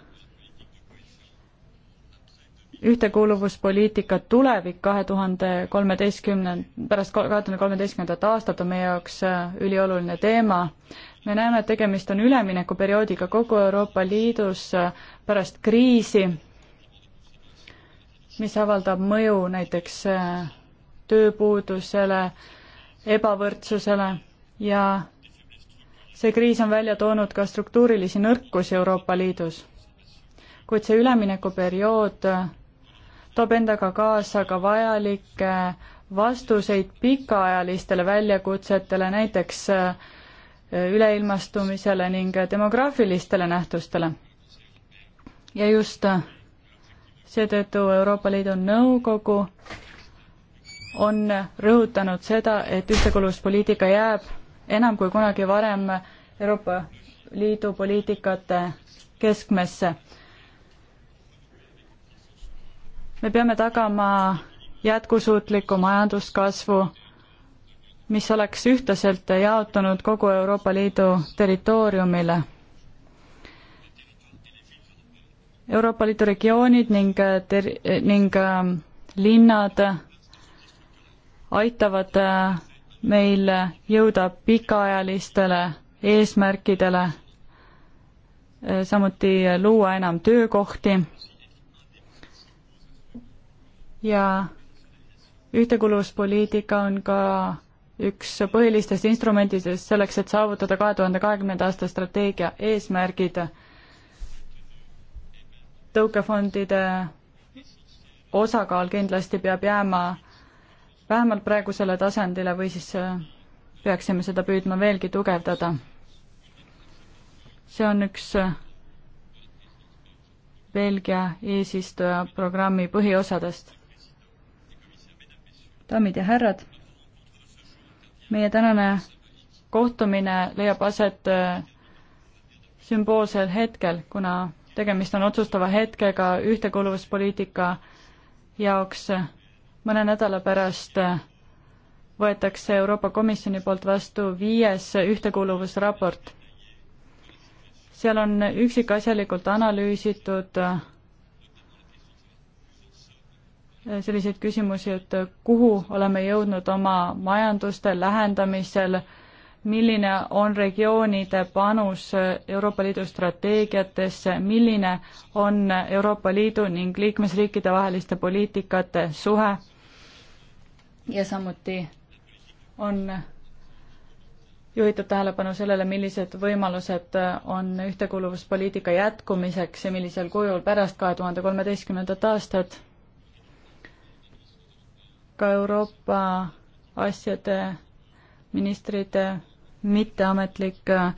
ühtekuuluvuspoliitika tulevik kahe tuhande kolmeteistkümnend, pärast kahe tuhande kolmeteistkümnendat aastat on meie jaoks äh, ülioluline teema. me näeme, et tegemist on üleminekuperioodiga kogu Euroopa Liidus äh, pärast kriisi, mis avaldab mõju näiteks äh, tööpuudusele, ebavõrdsusele ja see kriis on välja toonud ka struktuurilisi nõrkusi Euroopa Liidus. kuid see üleminekuperiood toob endaga kaasa ka vajalikke vastuseid pikaajalistele väljakutsetele, näiteks äh, üleilmastumisele ning demograafilistele nähtustele. ja just äh, seetõttu Euroopa Liidu Nõukogu on rõhutanud seda, et ühtekuuluvuspoliitika jääb enam kui kunagi varem Euroopa Liidu poliitikate keskmesse me peame tagama jätkusuutliku majanduskasvu, mis oleks ühtlaselt jaotunud kogu Euroopa Liidu territooriumile. Euroopa Liidu regioonid ning ter-, ning ähm, linnad aitavad äh, meil jõuda pikaajalistele eesmärkidele, äh, samuti äh, luua enam töökohti ja ühtekuuluvuspoliitika on ka üks põhilistest instrumentidest selleks, et saavutada kahe tuhande kahekümnenda aasta strateegia eesmärgid tõukefondide osakaal kindlasti peab jääma vähemalt praegusele tasandile või siis äh, peaksime seda püüdma veelgi tugevdada. see on üks äh, Belgia eesistuja programmi põhiosadest daamid ja härrad, meie tänane kohtumine leiab aset äh, sümboolsel hetkel, kuna tegemist on otsustava hetkega ühtekuuluvuspoliitika jaoks. mõne nädala pärast äh, võetakse Euroopa Komisjoni poolt vastu viies ühtekuuluvusraport. seal on üksikasjalikult analüüsitud äh, selliseid küsimusi, et kuhu oleme jõudnud oma majanduste lähendamisel, milline on regioonide panus Euroopa Liidu strateegiatesse, milline on Euroopa Liidu ning liikmesriikide vaheliste poliitikate suhe ja samuti on juhitud tähelepanu sellele, millised võimalused on ühtekuuluvuspoliitika jätkumiseks ja millisel kujul pärast kahe tuhande kolmeteistkümnendat aastat ka Euroopa asjade ministrite mitteametlik äh,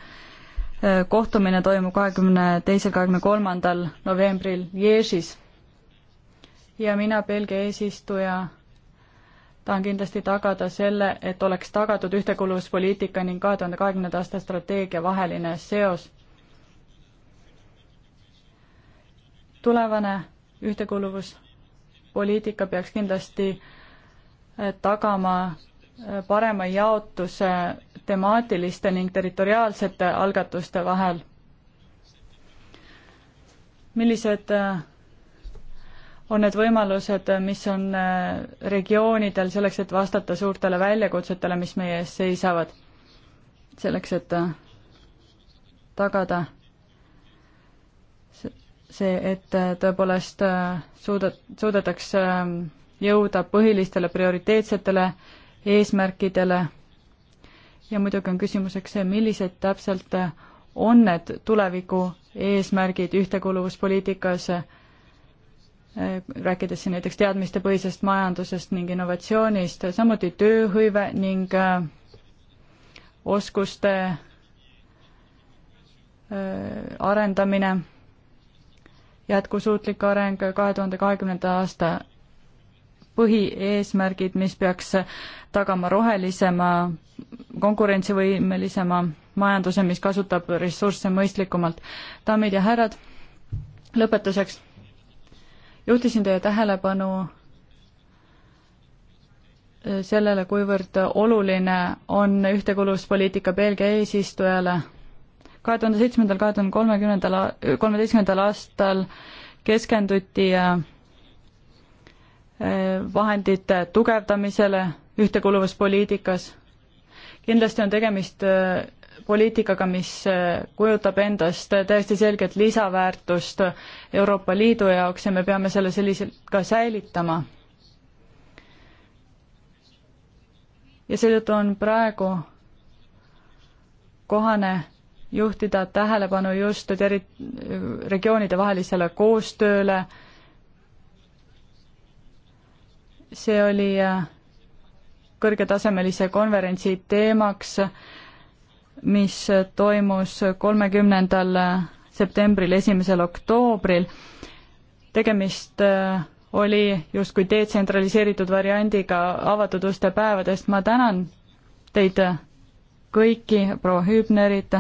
kohtumine toimub kahekümne teisel, kahekümne kolmandal novembril Jeežis. ja mina, Belgia eesistuja, tahan kindlasti tagada selle, et oleks tagatud ühtekuuluvuspoliitika ning kahe tuhande kahekümnenda aasta strateegia vaheline seos. tulevane ühtekuuluvuspoliitika peaks kindlasti tagama äh, parema jaotuse temaatiliste ning territoriaalsete algatuste vahel. millised äh, on need võimalused, äh, mis on regioonidel selleks, et vastata suurtele väljakutsetele, mis meie ees seisavad, selleks, et tagada see, et tõepoolest suuda, suudetakse ähm, jõuda põhilistele prioriteetsetele eesmärkidele. ja muidugi on küsimuseks see, millised täpselt on need tuleviku eesmärgid ühtekuuluvuspoliitikas, rääkides siin näiteks teadmistepõhisest majandusest ning innovatsioonist, samuti tööhõive ning äh, oskuste äh, arendamine, jätkusuutlik areng kahe tuhande kahekümnenda aasta põhieesmärgid, mis peaks tagama rohelisema, konkurentsivõimelisema majanduse, mis kasutab ressursse mõistlikumalt. daamid ja härrad, lõpetuseks juhtisin teie tähelepanu sellele, kuivõrd oluline on ühtekuuluvuspoliitika Belgia eesistujale. kahe tuhande seitsmendal, kahe tuhande kolmekümnendal, kolmeteistkümnendal aastal keskenduti äh, vahendite tugevdamisele ühtekuluvuspoliitikas. kindlasti on tegemist äh, poliitikaga, mis äh, kujutab endast äh, täiesti selget lisaväärtust Euroopa Liidu jaoks ja me peame selle selliselt ka säilitama. ja seetõttu on praegu kohane juhtida tähelepanu just eri-, regioonidevahelisele koostööle, see oli äh, kõrgetasemelise konverentsi teemaks, mis toimus kolmekümnendal äh, septembril, esimesel oktoobril. tegemist äh, oli justkui detsentraliseeritud variandiga avatud uste päevadest, ma tänan teid kõiki, proua Hübnerit,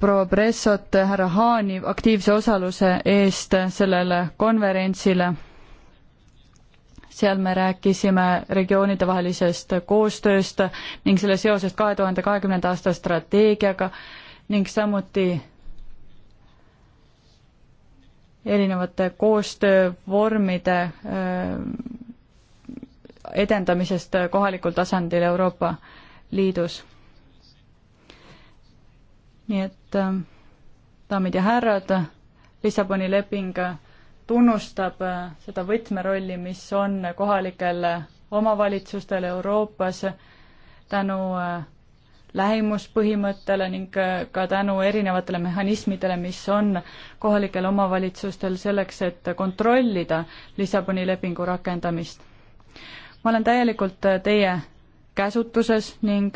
proua Bressot, härra Haani aktiivse osaluse eest sellele konverentsile seal me rääkisime regioonidevahelisest koostööst ning selle seosest kahe tuhande kahekümnenda aasta strateegiaga ning samuti erinevate koostöövormide äh, edendamisest kohalikul tasandil Euroopa Liidus. nii et äh, daamid ja härrad, Lissaboni leping tunnustab äh, seda võtmerolli, mis on kohalikel omavalitsustel Euroopas tänu äh, lähimuspõhimõttele ning äh, ka tänu erinevatele mehhanismidele, mis on kohalikel omavalitsustel selleks, et kontrollida Lissaboni lepingu rakendamist. ma olen täielikult teie käsutuses ning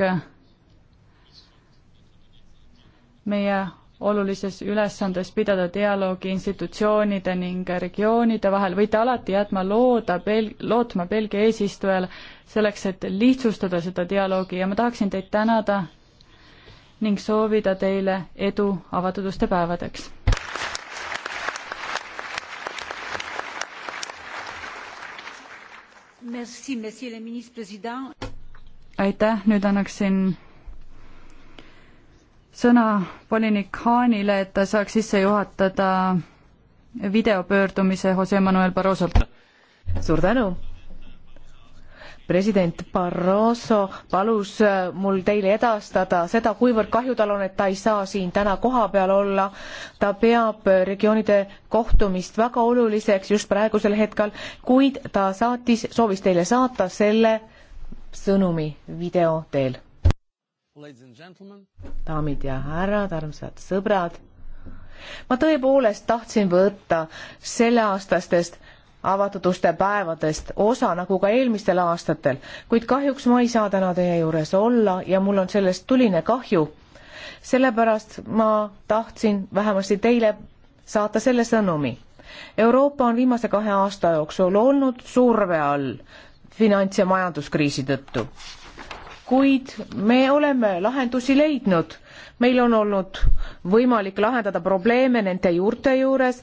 meie olulises ülesandes pidada dialoogi institutsioonide ning regioonide vahel, võite alati jätma looda Bel-, lootma Belgia eesistujale selleks, et lihtsustada seda dialoogi ja ma tahaksin teid tänada ning soovida teile edu avatud uste päevadeks! aitäh, nüüd annaksin sõna volinik Haanile, et ta saaks sisse juhatada videopöördumise Jose Manuel Barrosolt. suur tänu! president Barroso palus äh, mul teile edastada seda, kuivõrd kahju tal on, et ta ei saa siin täna kohapeal olla. ta peab äh, regioonide kohtumist väga oluliseks just praegusel hetkel, kuid ta saatis, soovis teile saata selle sõnumi video teel daamid ja härrad, armsad sõbrad. ma tõepoolest tahtsin võtta selleaastastest avatud uste päevadest osa nagu ka eelmistel aastatel, kuid kahjuks ma ei saa täna teie juures olla ja mul on sellest tuline kahju. sellepärast ma tahtsin vähemasti teile saata selle sõnumi. Euroopa on viimase kahe aasta jooksul olnud surve all finants- ja majanduskriisi tõttu kuid me oleme lahendusi leidnud. meil on olnud võimalik lahendada probleeme nende juurte juures,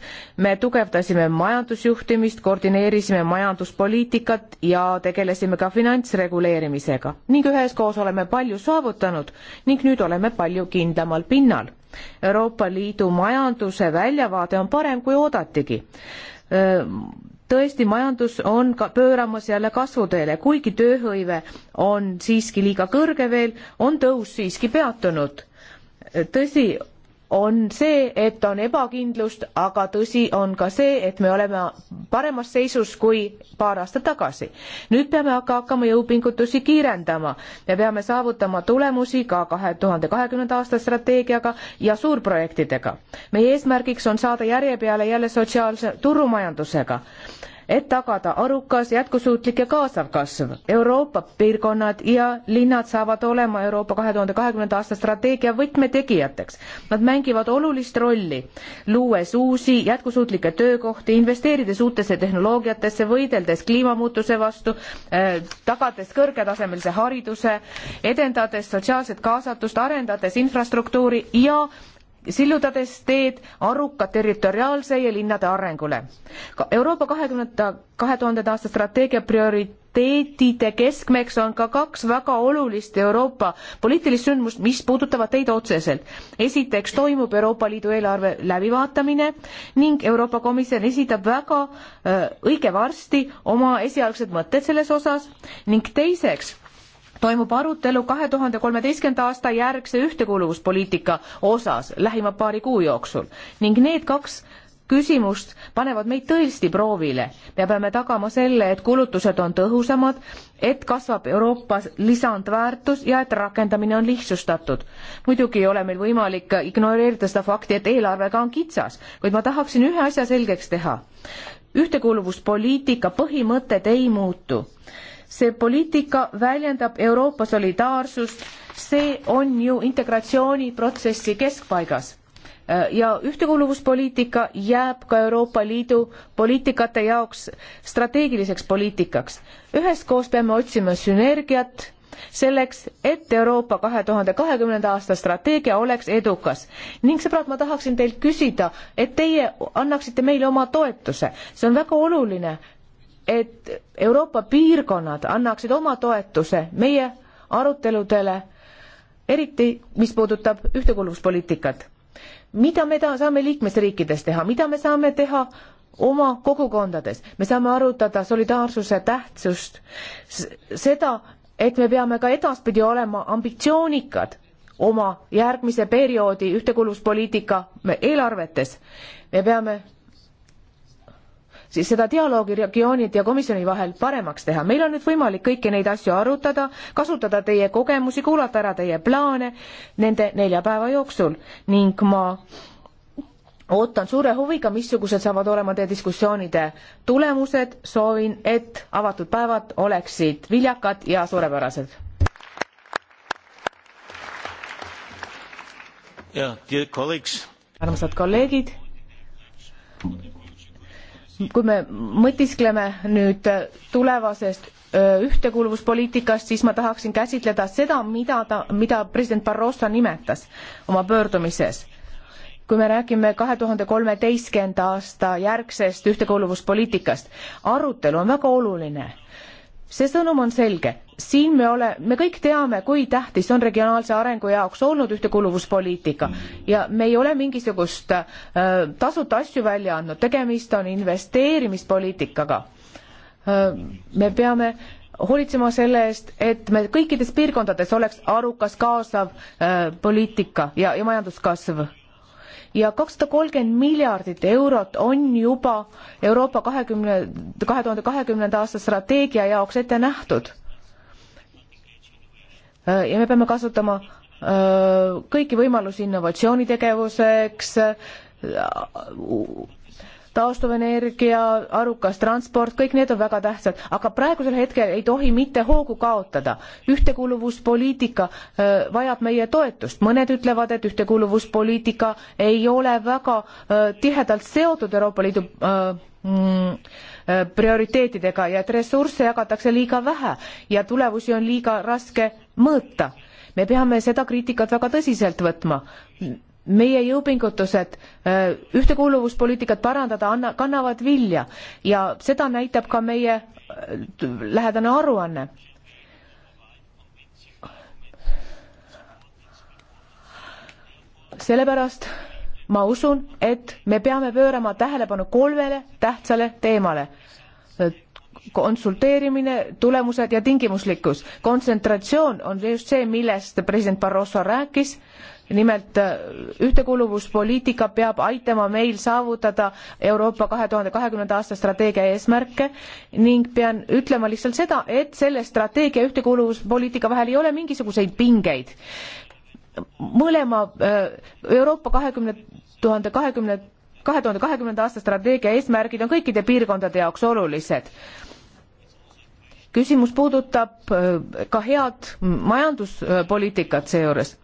me tugevdasime majandusjuhtimist, koordineerisime majanduspoliitikat ja tegelesime ka finantsreguleerimisega ning üheskoos oleme palju saavutanud ning nüüd oleme palju kindlamal pinnal. Euroopa Liidu majanduse väljavaade on parem, kui oodatigi tõesti, majandus on ka pööramas jälle kasvuteele, kuigi tööhõive on siiski liiga kõrge veel, on tõus siiski peatunud. tõsi, on see, et on ebakindlust, aga tõsi on ka see, et me oleme paremas seisus kui paar aastat tagasi. nüüd peame aga hakkama jõupingutusi kiirendama. me peame saavutama tulemusi ka kahe tuhande kahekümnenda aasta strateegiaga ja suurprojektidega. meie eesmärgiks on saada järje peale jälle sotsiaalse turumajandusega et tagada arukas, jätkusuutlik ja kaasav kasv. Euroopa piirkonnad ja linnad saavad olema Euroopa kahe tuhande kahekümnenda aasta strateegia võtmetegijateks. Nad mängivad olulist rolli, luues uusi jätkusuutlikke töökohti, investeerides uutesse tehnoloogiatesse, võideldes kliimamuutuse vastu äh,, tagades kõrgetasemelise hariduse, edendades sotsiaalset kaasatust, arendades infrastruktuuri ja sillutades teed aruka territoriaalse ja linnade arengule. Euroopa kahekümnenda, kahe tuhandenda aasta strateegia prioriteetide keskmeks on ka kaks väga olulist Euroopa poliitilist sündmust, mis puudutavad teid otseselt. esiteks toimub Euroopa Liidu eelarve läbivaatamine ning Euroopa Komisjon esitab väga äh, õige varsti oma esialgsed mõtted selles osas ning teiseks toimub arutelu kahe tuhande kolmeteistkümnenda aasta järgse ühtekuuluvuspoliitika osas lähima paari kuu jooksul ning need kaks küsimust panevad meid tõesti proovile. me peame tagama selle, et kulutused on tõhusamad, et kasvab Euroopas lisandväärtus ja et rakendamine on lihtsustatud. muidugi ei ole meil võimalik ignoreerida seda fakti, et eelarvega on kitsas, kuid ma tahaksin ühe asja selgeks teha. ühtekuuluvuspoliitika põhimõtted ei muutu see poliitika väljendab Euroopa solidaarsust, see on ju integratsiooniprotsessi keskpaigas. Äh, ja ühtekuuluvuspoliitika jääb ka Euroopa Liidu poliitikate jaoks strateegiliseks poliitikaks. üheskoos peame otsima sünergiat selleks, et Euroopa kahe tuhande kahekümnenda aasta strateegia oleks edukas. ning sõbrad, ma tahaksin teilt küsida, et teie annaksite meile oma toetuse. see on väga oluline et Euroopa piirkonnad annaksid oma toetuse meie aruteludele, eriti mis puudutab ühtekuuluvuspoliitikat. mida me ta-, saame liikmesriikides teha, mida me saame teha oma kogukondades, me saame arutada solidaarsuse tähtsust, seda, et me peame ka edaspidi olema ambitsioonikad oma järgmise perioodi ühtekuuluvuspoliitika eelarvetes. me peame siis seda dialoogi regioonide ja komisjoni vahel paremaks teha. meil on nüüd võimalik kõiki neid asju arutada, kasutada teie kogemusi, kuulata ära teie plaane nende nelja päeva jooksul ning ma ootan suure huviga, missugused saavad olema teie diskussioonide tulemused, soovin, et avatud päevad oleksid viljakad ja suurepärased. armsad kolleegid kui me mõtiskleme nüüd tulevasest ühtekuuluvuspoliitikast, siis ma tahaksin käsitleda seda, mida ta, mida president Barroso nimetas oma pöördumises. kui me räägime kahe tuhande kolmeteistkümnenda aasta järgsest ühtekuuluvuspoliitikast, arutelu on väga oluline. see sõnum on selge, siin me ole, me kõik teame, kui tähtis on regionaalse arengu jaoks olnud ühtekuuluvuspoliitika ja me ei ole mingisugust äh, tasuta asju välja andnud, tegemist on investeerimispoliitikaga äh,. me peame hoolitsema selle eest, et me kõikides piirkondades oleks arukas kaasav äh, poliitika ja, ja majanduskasv ja kakssada kolmkümmend miljardit eurot on juba Euroopa kahekümne, kahe tuhande kahekümnenda aasta strateegia jaoks ette nähtud Äh, ja me peame kasutama äh, kõiki võimalusi innovatsioonitegevuseks, äh, taastuvenergia, arukas transport, kõik need on väga tähtsad, aga praegusel hetkel ei tohi mitte hoogu kaotada. ühtekuuluvuspoliitika vajab meie toetust, mõned ütlevad, et ühtekuuluvuspoliitika ei ole väga tihedalt seotud Euroopa Liidu mm, prioriteetidega ja et ressursse jagatakse liiga vähe ja tulevusi on liiga raske mõõta. me peame seda kriitikat väga tõsiselt võtma. meie jõupingutused äh, ühtekuuluvuspoliitikat parandada anna, kannavad vilja ja seda näitab ka meie äh, lähedane aruanne. sellepärast ma usun, et me peame pöörama tähelepanu kolmele tähtsale teemale konsulteerimine, tulemused ja tingimuslikkus. kontsentratsioon on just see, millest president Barroso rääkis, nimelt äh, ühtekuuluvuspoliitika peab aitama meil saavutada Euroopa kahe tuhande kahekümnenda aasta strateegia eesmärke ning pean ütlema lihtsalt seda, et selle strateegia ühtekuuluvuspoliitika vahel ei ole mingisuguseid pingeid. mõlema äh, Euroopa kahekümne tuhande kahekümne kahe tuhande kahekümnenda aasta strateegia eesmärgid on kõikide piirkondade jaoks olulised küsimus puudutab äh, ka head majanduspoliitikat seejuures.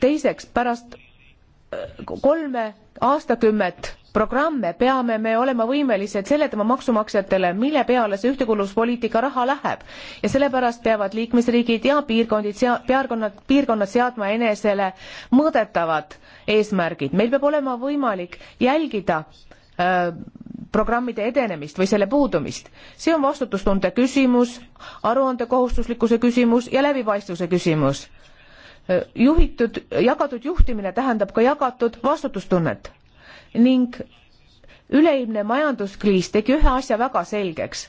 teiseks, pärast äh, kolme aastakümmet programme peame me olema võimelised seletama maksumaksjatele, mille peale see ühtekuuluvuspoliitika raha läheb ja sellepärast peavad liikmesriigid ja piirkondid, piirkonnad, piirkonnad seadma enesele mõõdetavad eesmärgid. meil peab olema võimalik jälgida äh, programmide edenemist või selle puudumist. see on vastutustunde küsimus, aruandekohustuslikkuse küsimus ja läbipaistvuse küsimus. juhitud, jagatud juhtimine tähendab ka jagatud vastutustunnet ning üleilmne majanduskriis tegi ühe asja väga selgeks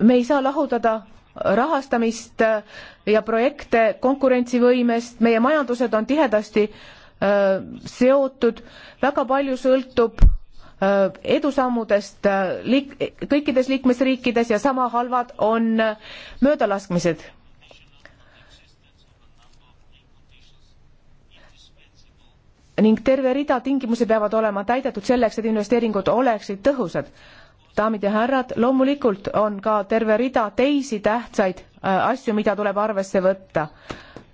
me ei saa lahutada rahastamist ja projekte konkurentsivõimest, meie majandused on tihedasti Äh, seotud, väga palju sõltub äh, edusammudest äh, liik-, kõikides liikmesriikides ja sama halvad on möödalaskmised. ning terve rida tingimusi peavad olema täidetud selleks, et investeeringud oleksid tõhusad daamid ja härrad, loomulikult on ka terve rida teisi tähtsaid äh, asju, mida tuleb arvesse võtta.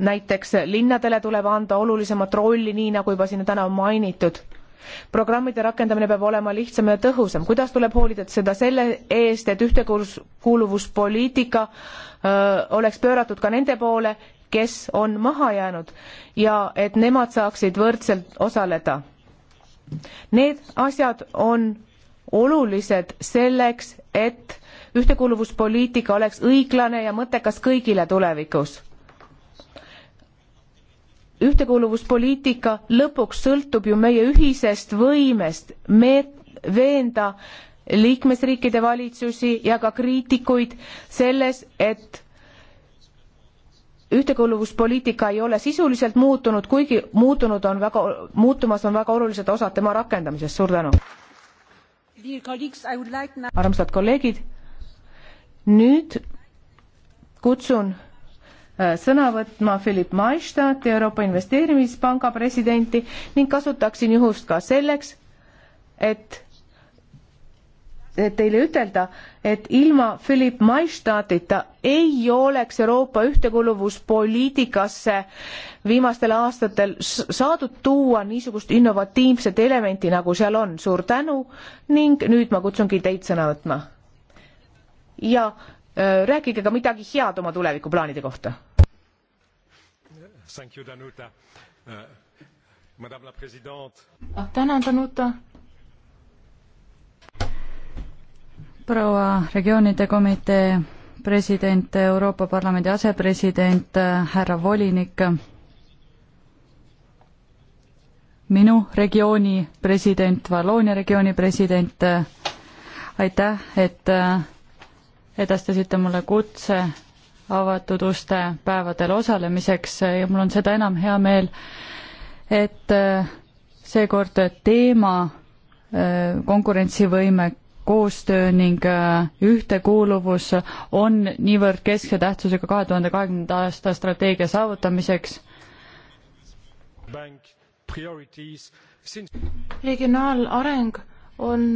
näiteks linnadele tuleb anda olulisemat rolli, nii nagu juba siin täna on mainitud. programmide rakendamine peab olema lihtsam ja tõhusam. kuidas tuleb hoolida seda selle eest, et ühtekuuluvuspoliitika äh, oleks pööratud ka nende poole, kes on maha jäänud ja et nemad saaksid võrdselt osaleda. Need asjad on olulised selleks, et ühtekuuluvuspoliitika oleks õiglane ja mõttekas kõigile tulevikus. ühtekuuluvuspoliitika lõpuks sõltub ju meie ühisest võimest meet-, veenda liikmesriikide valitsusi ja ka kriitikuid selles, et ühtekuuluvuspoliitika ei ole sisuliselt muutunud, kuigi muutunud on väga, muutumas on väga olulised osad tema rakendamisest, suur tänu! armsad kolleegid, nüüd kutsun äh, sõna võtma Philip Maistati, Euroopa Investeerimispanga presidenti ning kasutaksin juhust ka selleks, et teile ütelda, et ilma Philip Maistadita ei oleks Euroopa ühtekuuluvuspoliitikasse viimastel aastatel saadud tuua niisugust innovatiivset elementi, nagu seal on. suur tänu ning nüüd ma kutsungi teid sõna võtma. ja äh, rääkige ka midagi head oma tulevikuplaanide kohta. Uh, ah, tänan, Danuta. proua regioonide komitee president, Euroopa Parlamendi asepresident, härra volinik, minu regiooni president, Valloonia regiooni president, aitäh, et edastasite mulle kutse avatud uste päevadel osalemiseks ja mul on seda enam hea meel, et seekord teema konkurentsivõime koostöö ning äh, ühtekuuluvus on niivõrd keskse tähtsusega kahe tuhande kahekümnenda aasta strateegia saavutamiseks. regionaalareng on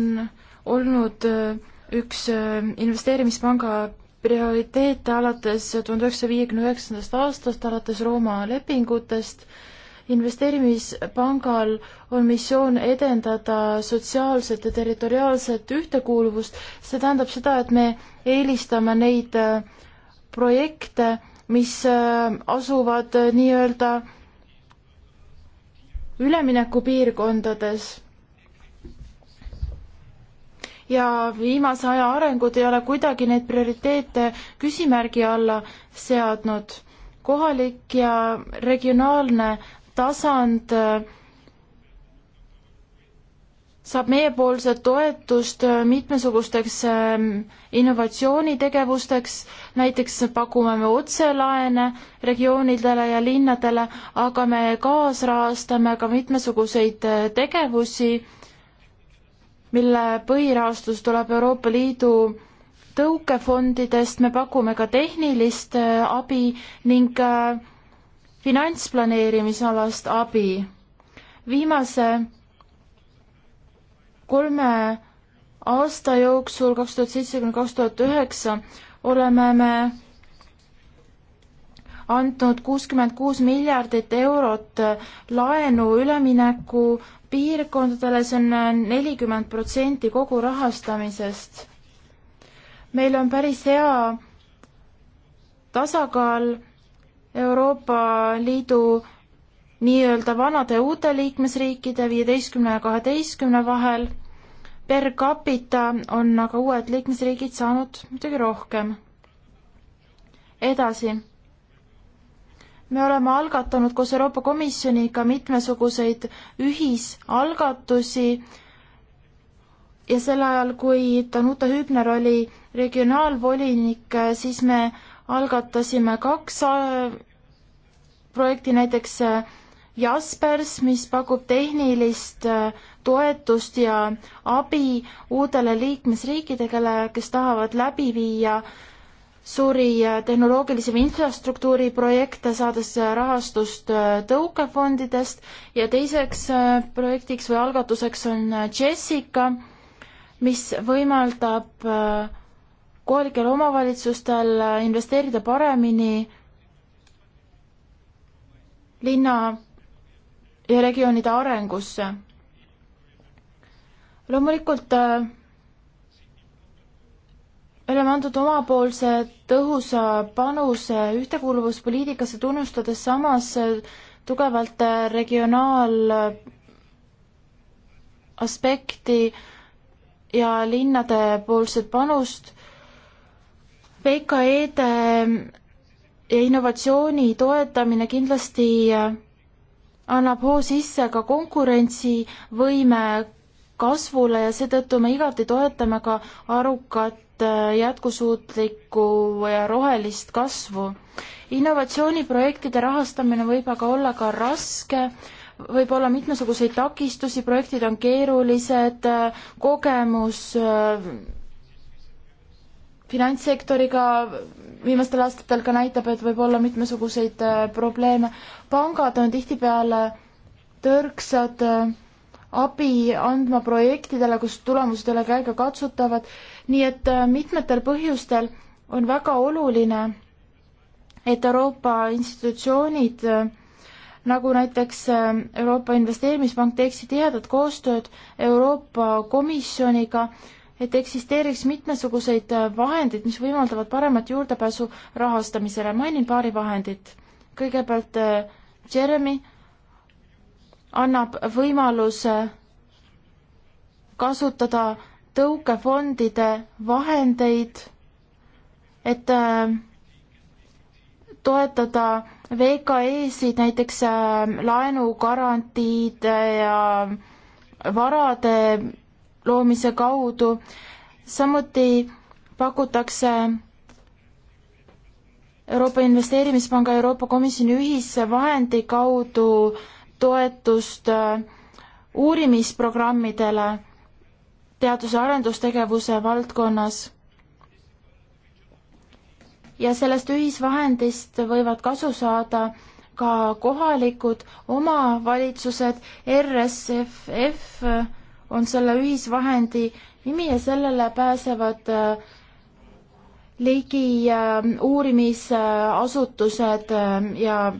olnud äh, üks äh, investeerimispanga prioriteete alates tuhande üheksasaja viiekümne üheksandast aastast, alates Rooma lepingutest investeerimispangal on missioon edendada sotsiaalset ja territoriaalset ühtekuuluvust, see tähendab seda, et me eelistame neid äh, projekte, mis äh, asuvad äh, nii-öelda üleminekupiirkondades ja viimase aja arengud ei ole kuidagi neid prioriteete küsimärgi alla seadnud. kohalik ja regionaalne tasand äh, saab meiepoolset toetust äh, mitmesugusteks ähm, innovatsioonitegevusteks, näiteks pakume me otselaene regioonidele ja linnadele, aga me kaasrahastame ka mitmesuguseid äh, tegevusi, mille põhirahastus tuleb Euroopa Liidu tõukefondidest, me pakume ka tehnilist abi ning finantsplaneerimisalast abi. viimase kolme aasta jooksul, kaks tuhat seitse kuni kaks tuhat üheksa, oleme me andnud kuuskümmend kuus miljardit eurot laenu ülemineku piirkondadele, see on nelikümmend protsenti kogu rahastamisest. meil on päris hea tasakaal Euroopa Liidu nii-öelda vanade ja uute liikmesriikide viieteistkümne ja kaheteistkümne vahel. per capita on aga uued liikmesriigid saanud muidugi rohkem. edasi. me oleme algatanud koos Euroopa Komisjoniga mitmesuguseid ühisalgatusi ja sel ajal, kui Danuta Hübner oli regionaalvolinik, siis me algatasime kaks projekti, näiteks äh, Jaspers, mis pakub tehnilist äh, toetust ja abi uutele liikmesriikidele, kes tahavad läbi viia suuri äh, tehnoloogilisi või infrastruktuuri projekte, saades rahastust tõukefondidest ja teiseks projektiks või algatuseks on Jessica, mis võimaldab kohalikel omavalitsustel investeerida paremini linna ja regioonide arengusse. loomulikult me äh, oleme andnud omapoolse tõhusa panuse ühtekuuluvuspoliitikasse, tunnustades samas äh, tugevalt äh, regionaalaspekti ja linnadepoolset panust. VKE-de ja innovatsiooni toetamine kindlasti äh, annab hoo sisse ka konkurentsivõime kasvule ja seetõttu me igati toetame ka arukat äh, jätkusuutlikku ja rohelist kasvu. innovatsiooniprojektide rahastamine võib aga olla ka raske, võib olla mitmesuguseid takistusi, projektid on keerulised, äh, kogemus finantssektoriga viimastel aastatel ka näitab, et võib olla mitmesuguseid äh, probleeme. pangad on tihtipeale tõrksad äh, abi andma projektidele, kus tulemused ei ole käegakatsutavad, nii et äh, mitmetel põhjustel on väga oluline, et Euroopa institutsioonid nagu näiteks Euroopa Investeerimispank teeksid tihedat koostööd Euroopa Komisjoniga et eksisteeriks mitmesuguseid äh, vahendeid, mis võimaldavad paremat juurdepääsu rahastamisele. mainin paari vahendit. kõigepealt äh, Jeremy annab võimaluse kasutada tõukefondide vahendeid, et äh, toetada VKE-sid näiteks laenugarantiide ja varade loomise kaudu. samuti pakutakse Euroopa Investeerimispanga ja Euroopa Komisjoni ühise vahendi kaudu toetust äh, uurimisprogrammidele teadus- ja arendustegevuse valdkonnas. ja sellest ühisvahendist võivad kasu saada ka kohalikud omavalitsused, RSFF on selle ühisvahendi nimi ja sellele pääsevad äh, ligi äh, uurimisasutused äh, ja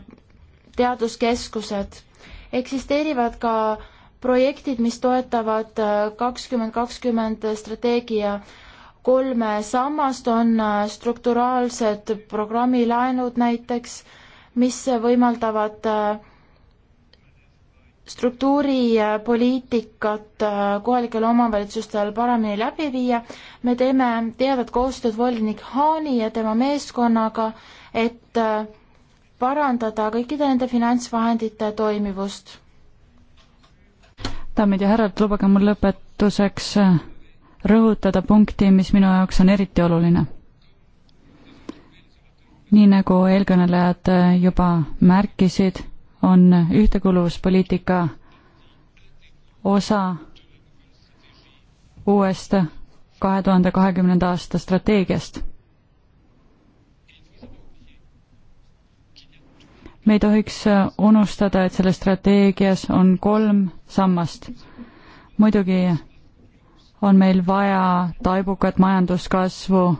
teaduskeskused. eksisteerivad ka projektid, mis toetavad kakskümmend kakskümmend strateegia kolme sammast, on strukturaalsed programmilaenud näiteks, mis võimaldavad äh, struktuuripoliitikat äh, kohalikel omavalitsustel paremini läbi viia. me teeme tihedat koostööd volinik Haani ja tema meeskonnaga, et äh, parandada kõikide nende finantsvahendite toimivust. daamid ja härrad, lubage mul lõpetuseks äh, rõhutada punkti, mis minu jaoks on eriti oluline. nii nagu eelkõnelejad juba märkisid on ühtekuuluvuspoliitika osa uuest kahe tuhande kahekümnenda aasta strateegiast. me ei tohiks unustada, et selles strateegias on kolm sammast. muidugi on meil vaja taibukat majanduskasvu,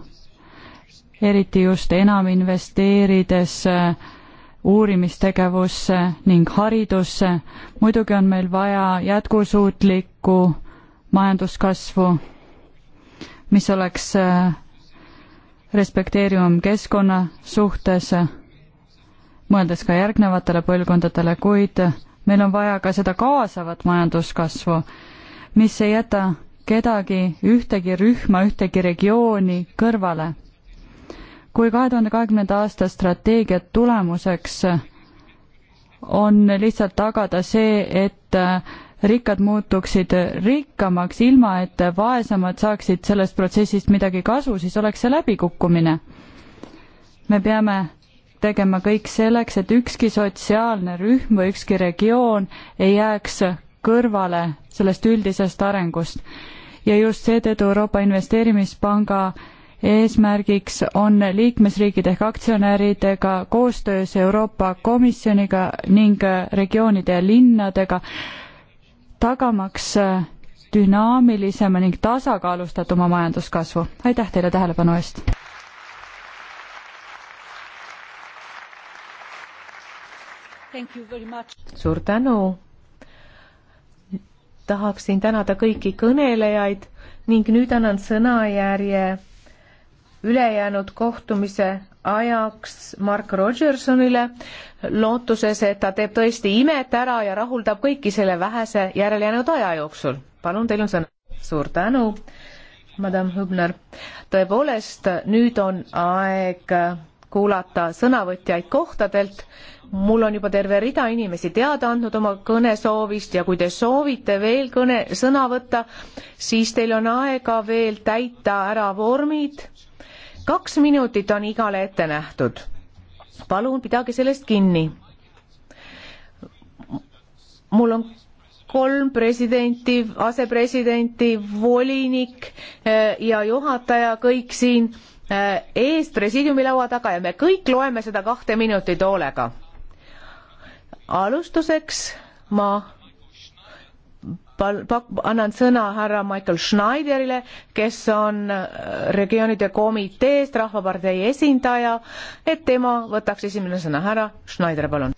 eriti just enam investeerides äh, uurimistegevusse ning haridusse. muidugi on meil vaja jätkusuutlikku majanduskasvu, mis oleks äh, respekteerivam keskkonna suhtes, mõeldes ka järgnevatele põlvkondadele, kuid meil on vaja ka seda kaasavat majanduskasvu, mis ei jäta kedagi, ühtegi rühma, ühtegi regiooni kõrvale kui kahe tuhande kahekümnenda aasta strateegia tulemuseks on lihtsalt tagada see, et rikkad muutuksid rikkamaks, ilma et vaesemad saaksid sellest protsessist midagi kasu, siis oleks see läbikukkumine. me peame tegema kõik selleks, et ükski sotsiaalne rühm või ükski regioon ei jääks kõrvale sellest üldisest arengust. ja just seetõttu Euroopa Investeerimispanga eesmärgiks on liikmesriigid ehk aktsionäridega koostöös Euroopa Komisjoniga ning regioonide ja linnadega tagamaks dünaamilisema ning tasakaalustatuma majanduskasvu. aitäh teile tähelepanu eest! suur tänu! tahaksin tänada kõiki kõnelejaid ning nüüd annan sõnajärje ülejäänud kohtumise ajaks Mark Rogersonile lootuses, et ta teeb tõesti imet ära ja rahuldab kõiki selle vähese järelejäänud aja jooksul. palun, teil on sõna. suur tänu, madam Hübner. tõepoolest, nüüd on aeg kuulata sõnavõtjaid kohtadelt. mul on juba terve rida inimesi teada andnud oma kõnesoovist ja kui te soovite veel kõne, sõna võtta, siis teil on aega veel täita ära vormid kaks minutit on igale ette nähtud. palun pidage sellest kinni. mul on kolm presidenti, asepresidenti, volinik eh, ja juhataja kõik siin eh, ees presiidiumi laua taga ja me kõik loeme seda kahte minutit hoolega. alustuseks ma pal-, pak-, annan sõna härra Michael Schneiderile, kes on äh, regioonide komiteest Rahvapartei esindaja, et tema võtaks esimene sõna. härra Schneider, palun.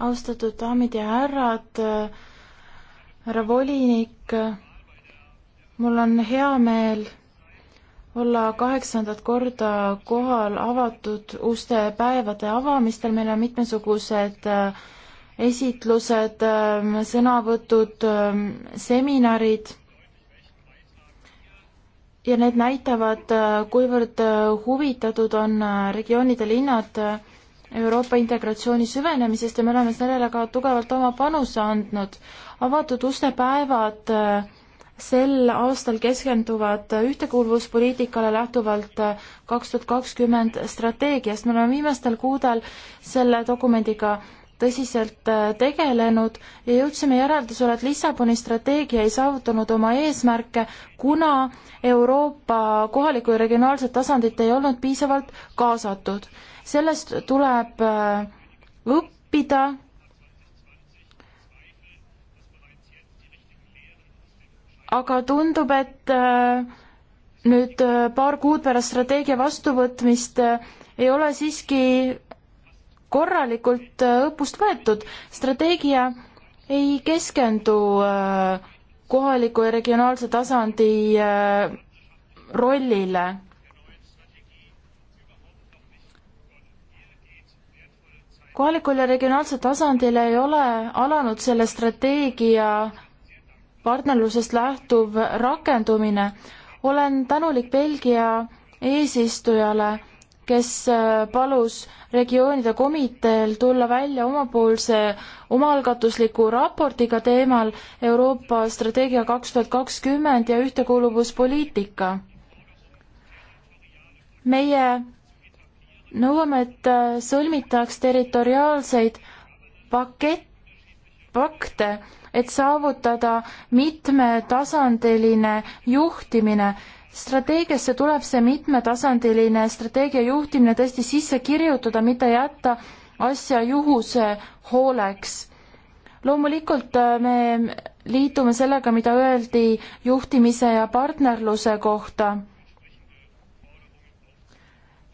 austatud daamid ja härrad, äh, härra volinik, äh, mul on hea meel olla kaheksandat korda kohal avatud uste päevade avamistel, meil on mitmesugused äh, esitlused, ähm, sõnavõtud, ähm, seminarid ja need näitavad, äh, kuivõrd äh, huvitatud on äh, regioonide linnad Euroopa integratsiooni süvenemisest ja me oleme sellele ka tugevalt oma panuse andnud. avatud uste päevad sel aastal keskenduvad ühtekuuluvuspoliitikale lähtuvalt kaks tuhat kakskümmend strateegiast. me oleme viimastel kuudel selle dokumendiga tõsiselt äh, tegelenud ja jõudsime järeldusele, et Lissaboni strateegia ei saavutanud oma eesmärke, kuna Euroopa kohalikku ja regionaalset tasandit ei olnud piisavalt kaasatud. sellest tuleb äh, õppida aga tundub, et äh, nüüd paar kuud pärast strateegia vastuvõtmist ei ole siiski korralikult äh, õppust võetud. strateegia ei keskendu äh, kohaliku ja regionaalse tasandi äh, rollile. kohalikul ja regionaalsel tasandil ei ole alanud selle strateegia partnerlusest lähtuv rakendumine. olen tänulik Belgia eesistujale kes äh, palus regioonide komiteel tulla välja omapoolse omaalgatusliku raportiga teemal Euroopa strateegia kaks tuhat kakskümmend ja ühtekuuluvuspoliitika. meie nõuame, et äh, sõlmitaks territoriaalseid pakette, pakte, et saavutada mitmetasandiline juhtimine strateegiasse tuleb see mitmetasandiline strateegia juhtimine tõesti sisse kirjutada, mitte jätta asja juhuse hooleks. loomulikult äh, me liitume sellega, mida öeldi juhtimise ja partnerluse kohta.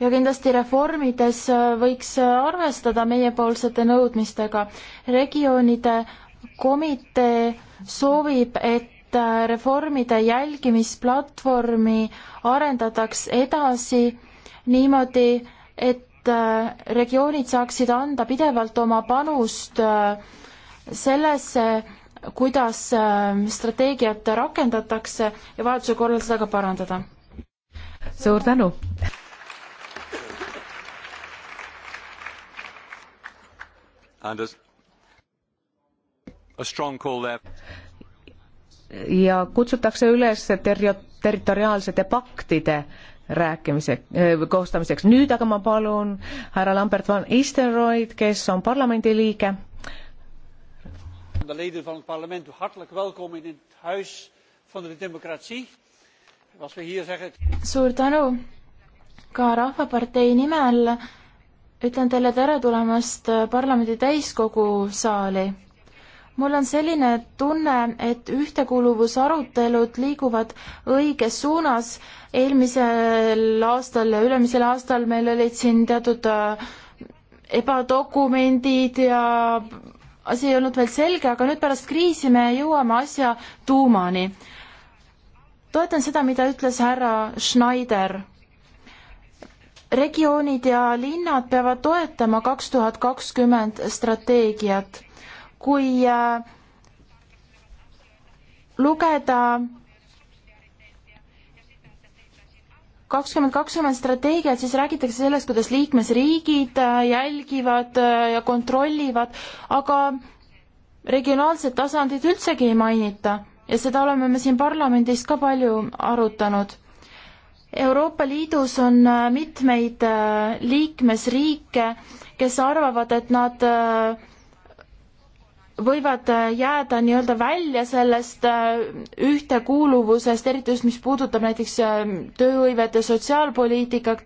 ja kindlasti reformides äh, võiks äh, arvestada meiepoolsete nõudmistega. regioonide komitee soovib, et et äh, reformide jälgimisplatvormi arendataks edasi niimoodi, et äh, regioonid saaksid anda pidevalt oma panust äh, sellesse, kuidas strateegiat rakendatakse ja vajaduse korral seda ka parandada. suur tänu! Anders, a strong call there ja kutsutakse üles terri-, territoriaalsete paktide rääkimise, eh, koostamiseks. nüüd aga ma palun härra Lambert van Isteroid, kes on parlamendi liige. suur tänu ka Rahvapartei nimel ütlen teile tere tulemast parlamendi täiskogu saali mul on selline tunne, et ühtekuuluvusarutelud liiguvad õiges suunas. eelmisel aastal ja ülemisel aastal meil olid siin teatud äh, ebadokumendid ja asi ei olnud veel selge, aga nüüd pärast kriisi me jõuame asja tuumani. toetan seda, mida ütles härra Schneider regioonid ja linnad peavad toetama kaks tuhat kakskümmend strateegiat kui äh, lugeda kakskümmend kakskümmend strateegiat, siis räägitakse sellest, kuidas liikmesriigid äh, jälgivad äh, ja kontrollivad, aga regionaalset tasandit üldsegi ei mainita ja seda oleme me siin parlamendis ka palju arutanud. Euroopa Liidus on mitmeid liikmesriike, kes arvavad, et nad äh, võivad äh, jääda nii-öelda välja sellest äh, ühtekuuluvusest, eriti just mis puudutab näiteks äh, tööhõivet ja sotsiaalpoliitikat,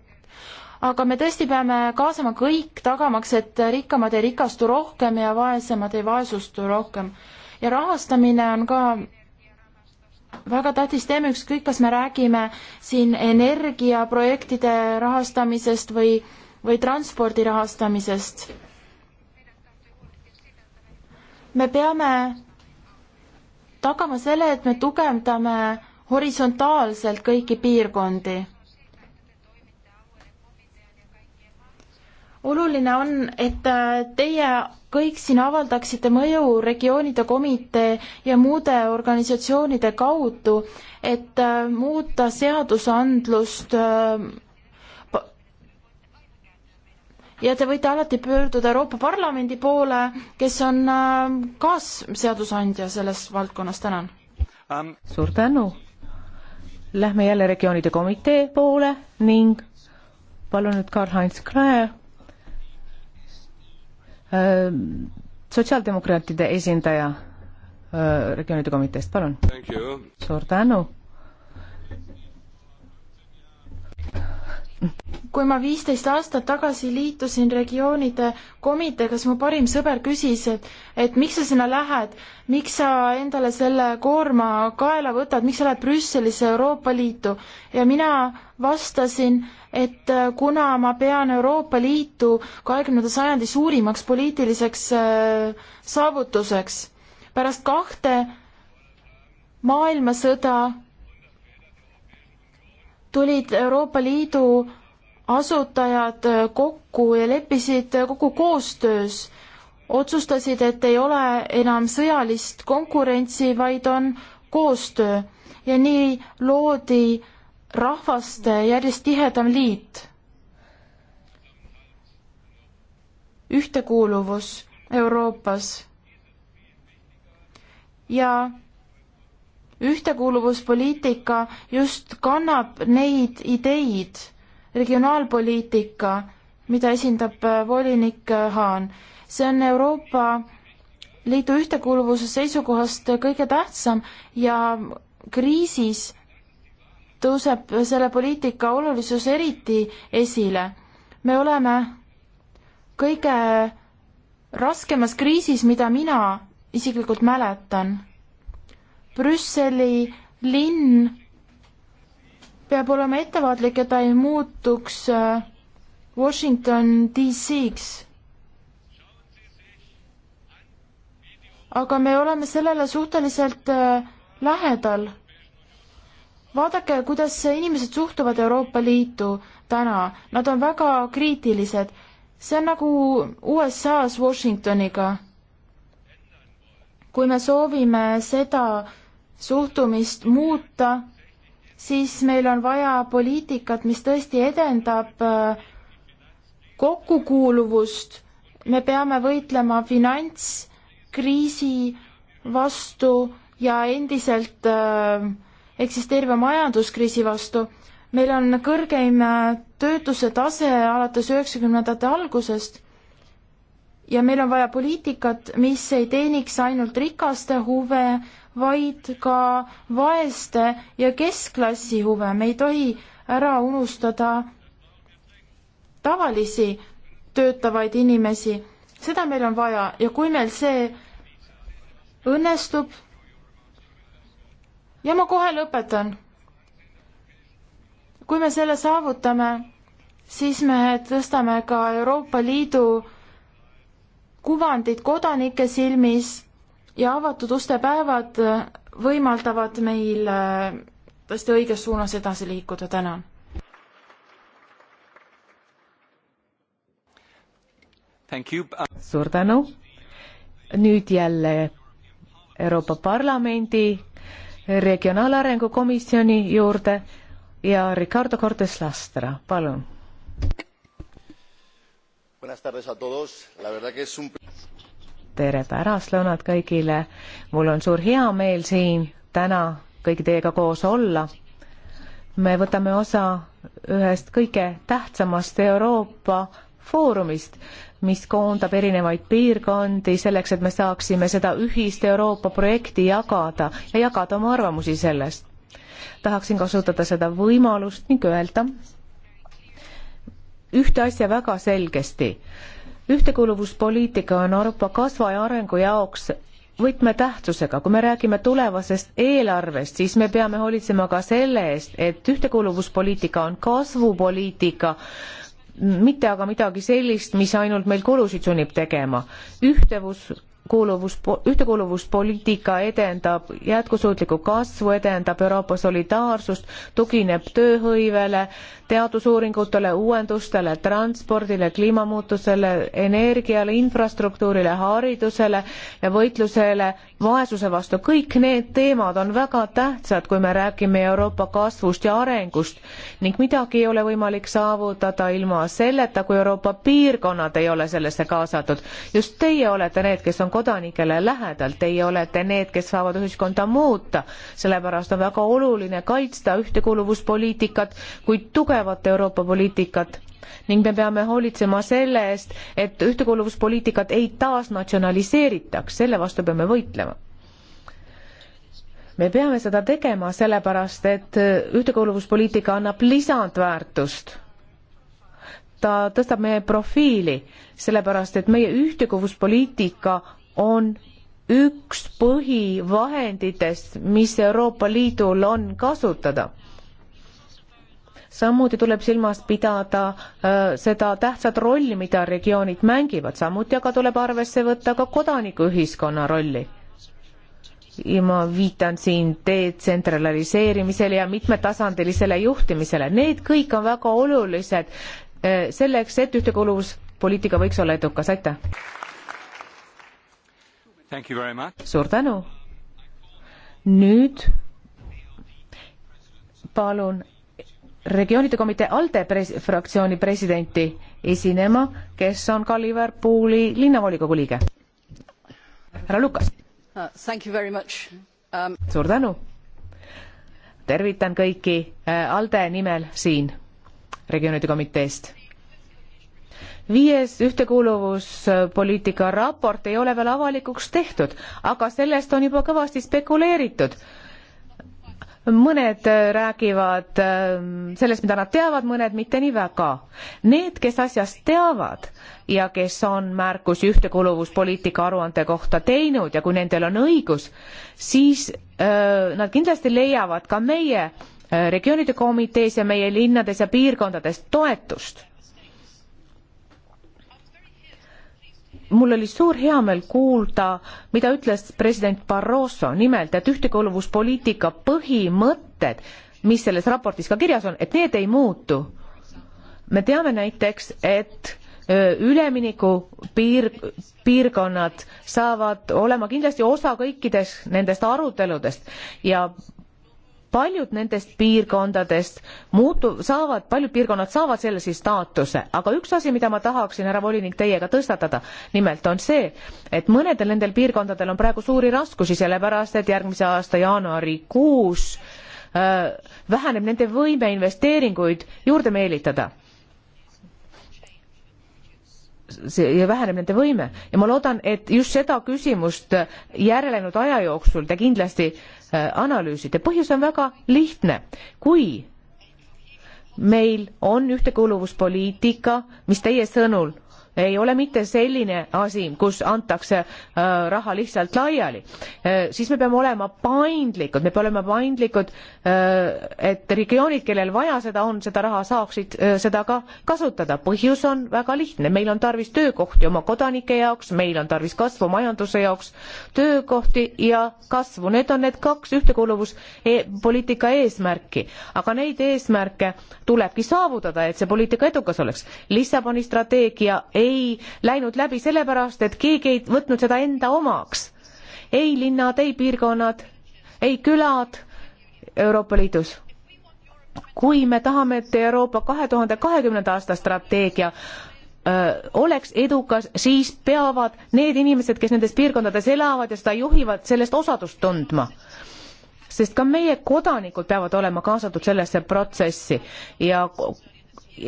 aga me tõesti peame kaasama kõik, tagamaks, et rikkamad ei rikastu rohkem ja vaesemad ei vaesustu rohkem. ja rahastamine on ka väga tähtis teema, ükskõik, kas me räägime siin energiaprojektide rahastamisest või, või transpordi rahastamisest me peame tagama selle, et me tugevdame horisontaalselt kõiki piirkondi. oluline on, et teie kõik siin avaldaksite mõju regioonide komitee ja muude organisatsioonide kaudu, et muuta seadusandlust äh, ja te võite alati pöörduda Euroopa Parlamendi poole, kes on ähm, kaasseadusandja selles valdkonnas, tänan um.. suur tänu. Lähme jälle regioonide komitee poole ning palun nüüd Karl-Heinz Krae ähm, sotsiaaldemokraatide esindaja äh, regioonide komiteest, palun. suur tänu kui ma viisteist aastat tagasi liitusin regioonide komiteega, siis mu parim sõber küsis, et, et miks sa sinna lähed, miks sa endale selle koorma kaela võtad, miks sa lähed Brüsselisse Euroopa Liitu ja mina vastasin, et äh, kuna ma pean Euroopa Liitu kahekümnenda sajandi suurimaks poliitiliseks äh, saavutuseks pärast kahte maailmasõda tulid Euroopa Liidu asutajad kokku ja leppisid kokku koostöös, otsustasid, et ei ole enam sõjalist konkurentsi, vaid on koostöö ja nii loodi rahvaste järjest tihedam liit. ühtekuuluvus Euroopas. ja ühtekuuluvuspoliitika just kannab neid ideid, regionaalpoliitika, mida esindab äh, volinik äh, Haan. see on Euroopa Liidu ühtekuuluvuse seisukohast kõige tähtsam ja kriisis tõuseb selle poliitika olulisus eriti esile. me oleme kõige raskemas kriisis, mida mina isiklikult mäletan Brüsseli linn peab olema ettevaatlik, et ta ei muutuks äh, Washington DC-ks. aga me oleme sellele suhteliselt äh, lähedal. vaadake, kuidas inimesed suhtuvad Euroopa Liitu täna, nad on väga kriitilised. see on nagu USA-s Washingtoniga. kui me soovime seda suhtumist muuta, siis meil on vaja poliitikat, mis tõesti edendab äh, kokkukuuluvust. me peame võitlema finantskriisi vastu ja endiselt äh, eksisteeriva majanduskriisi vastu. meil on kõrgeim äh, töötuse tase alates üheksakümnendate algusest ja meil on vaja poliitikat, mis ei teeniks ainult rikaste huve, vaid ka vaeste ja keskklassi huve, me ei tohi ära unustada tavalisi töötavaid inimesi, seda meil on vaja ja kui meil see õnnestub, ja ma kohe lõpetan, kui me selle saavutame, siis me tõstame ka Euroopa Liidu kuvandit kodanike silmis ja avatud uste päevad võimaldavad meil äh, tõesti õiges suunas edasi liikuda, tänan. suur tänu. nüüd jälle Euroopa Parlamendi Regionaalarengu Komisjoni juurde ja Ricardo Cortes Lastra, palun tere pärastlõunat kõigile. mul on suur heameel siin täna kõigi teiega koos olla. me võtame osa ühest kõige tähtsamast Euroopa foorumist, mis koondab erinevaid piirkondi selleks, et me saaksime seda ühist Euroopa projekti jagada ja jagada oma arvamusi sellest. tahaksin kasutada seda võimalust ning öelda ühte asja väga selgesti ühtekuuluvuspoliitika on Euroopa kasva ja arengu jaoks võtmetähtsusega, kui me räägime tulevasest eelarvest, siis me peame hoolitsema ka selle eest, et ühtekuuluvuspoliitika on kasvupoliitika, mitte aga midagi sellist, mis ainult meil kulusid sunnib tegema. ühtevus kuuluvus, ühtekuuluvuspoliitika edendab jätkusuutlikku kasvu, edendab Euroopa solidaarsust, tugineb tööhõivele, teadusuuringutele, uuendustele, transpordile, kliimamuutusele, energiale, infrastruktuurile, haridusele ja võitlusele vaesuse vastu. kõik need teemad on väga tähtsad, kui me räägime Euroopa kasvust ja arengust ning midagi ei ole võimalik saavutada ilma selleta, kui Euroopa piirkonnad ei ole sellesse kaasatud. just teie olete need, kes on kodanikele lähedal, teie olete need, kes saavad ühiskonda muuta, sellepärast on väga oluline kaitsta ühtekuuluvuspoliitikat, kuid tugev tugevat Euroopa poliitikat ning me peame hoolitsema selle eest, et ühtekuuluvuspoliitikat ei taasnatsionaliseeritaks, selle vastu peame võitlema me peame seda tegema sellepärast, et ühtekuuluvuspoliitika annab lisandväärtust. ta tõstab meie profiili, sellepärast et meie ühtekuuluvuspoliitika on üks põhivahenditest, mis Euroopa Liidul on kasutada samuti tuleb silmas pidada äh, seda tähtsat rolli, mida regioonid mängivad, samuti aga tuleb arvesse võtta ka kodanikuühiskonna rolli. ja ma viitan siin detsentraliseerimisele ja mitmetasandilisele juhtimisele, need kõik on väga olulised äh, selleks, et ühtekuuluvuspoliitika võiks olla edukas, aitäh! suur tänu! nüüd palun regioonide komitee ALDE pres fraktsiooni presidenti esinema, kes on ka Liverpooli linnavolikogu liige. härra Lukas uh,. Um... suur tänu. tervitan kõiki uh, ALDE nimel siin regioonide komiteest. viies ühtekuuluvuspoliitika raport ei ole veel avalikuks tehtud, aga sellest on juba kõvasti spekuleeritud mõned äh, räägivad äh, sellest, mida nad teavad, mõned mitte nii väga. Need, kes asjast teavad ja kes on märkusi ühtekuuluvuspoliitika aruande kohta teinud ja kui nendel on õigus, siis öö, äh, nad kindlasti leiavad ka meie regioonide komitees ja meie linnades ja piirkondades toetust mul oli suur heameel kuulda, mida ütles president Barroso, nimelt, et ühtekuuluvuspoliitika põhimõtted, mis selles raportis ka kirjas on, et need ei muutu. me teame näiteks, et ülemineku piir, piirkonnad saavad olema kindlasti osa kõikidest nendest aruteludest ja paljud nendest piirkondadest muutu-, saavad, paljud piirkonnad saavad sellise staatuse, aga üks asi, mida ma tahaksin, härra volinik, teiega tõstatada, nimelt on see, et mõnedel nendel piirkondadel on praegu suuri raskusi, sellepärast et järgmise aasta jaanuarikuus äh, väheneb nende võime investeeringuid juurde meelitada see ja väheneb nende võime ja ma loodan, et just seda küsimust järelenud aja jooksul te kindlasti Äh, analüüsida. põhjus on väga lihtne. kui meil on ühtekuuluvuspoliitika, mis teie sõnul ei ole mitte selline asi, kus antakse äh, raha lihtsalt laiali, äh, siis me peame olema paindlikud, me peame olema paindlikud, äh, et regioonid, kellel vaja seda on, seda raha saaksid seda ka kasutada. põhjus on väga lihtne, meil on tarvis töökohti oma kodanike jaoks, meil on tarvis kasvu majanduse jaoks, töökohti ja kasvu, need on need kaks ühtekuuluvuspoliitika e eesmärki, aga neid eesmärke tulebki saavutada, et see poliitika edukas oleks. Lissaboni strateegia ei läinud läbi sellepärast, et keegi ei võtnud seda enda omaks. ei linnad, ei piirkonnad, ei külad Euroopa Liidus. kui me tahame, et Euroopa kahe tuhande kahekümnenda aasta strateegia öö, oleks edukas, siis peavad need inimesed, kes nendes piirkondades elavad ja seda juhivad, sellest osadust tundma sest ka meie kodanikud peavad olema kaasatud sellesse protsessi ja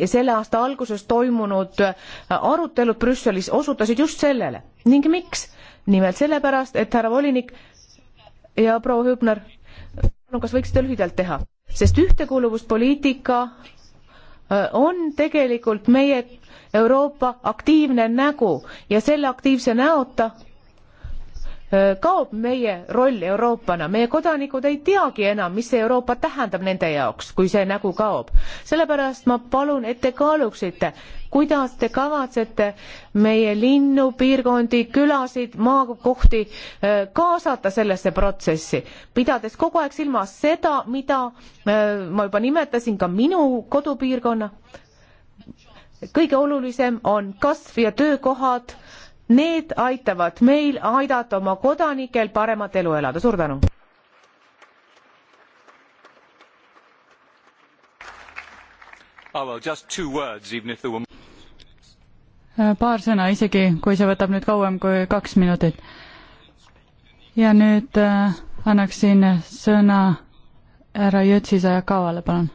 selle aasta alguses toimunud äh, arutelud Brüsselis osutasid just sellele ning miks? nimelt sellepärast, et härra volinik ja proua Hübner, kas võiksite lühidalt teha, sest ühtekuuluvuspoliitika äh, on tegelikult meie Euroopa aktiivne nägu ja selle aktiivse näota kaob meie roll Euroopana, meie kodanikud ei teagi enam, mis see Euroopa tähendab nende jaoks, kui see nägu kaob. sellepärast ma palun, et te kaaluksite, kuidas te kavatsete meie linnu, piirkondi, külasid, maakohti kaasata sellesse protsessi, pidades kogu aeg silmas seda, mida ma juba nimetasin, ka minu kodupiirkonna kõige olulisem on kasv ja töökohad Need aitavad meil aidata oma kodanikel paremat elu elada. suur tänu! Oh, well, just two words, even if there were äh, paar sõna, isegi kui see võtab nüüd kauem kui kaks minutit. ja nüüd äh, annaksin sõna härra Jütsi Sajakavale, palun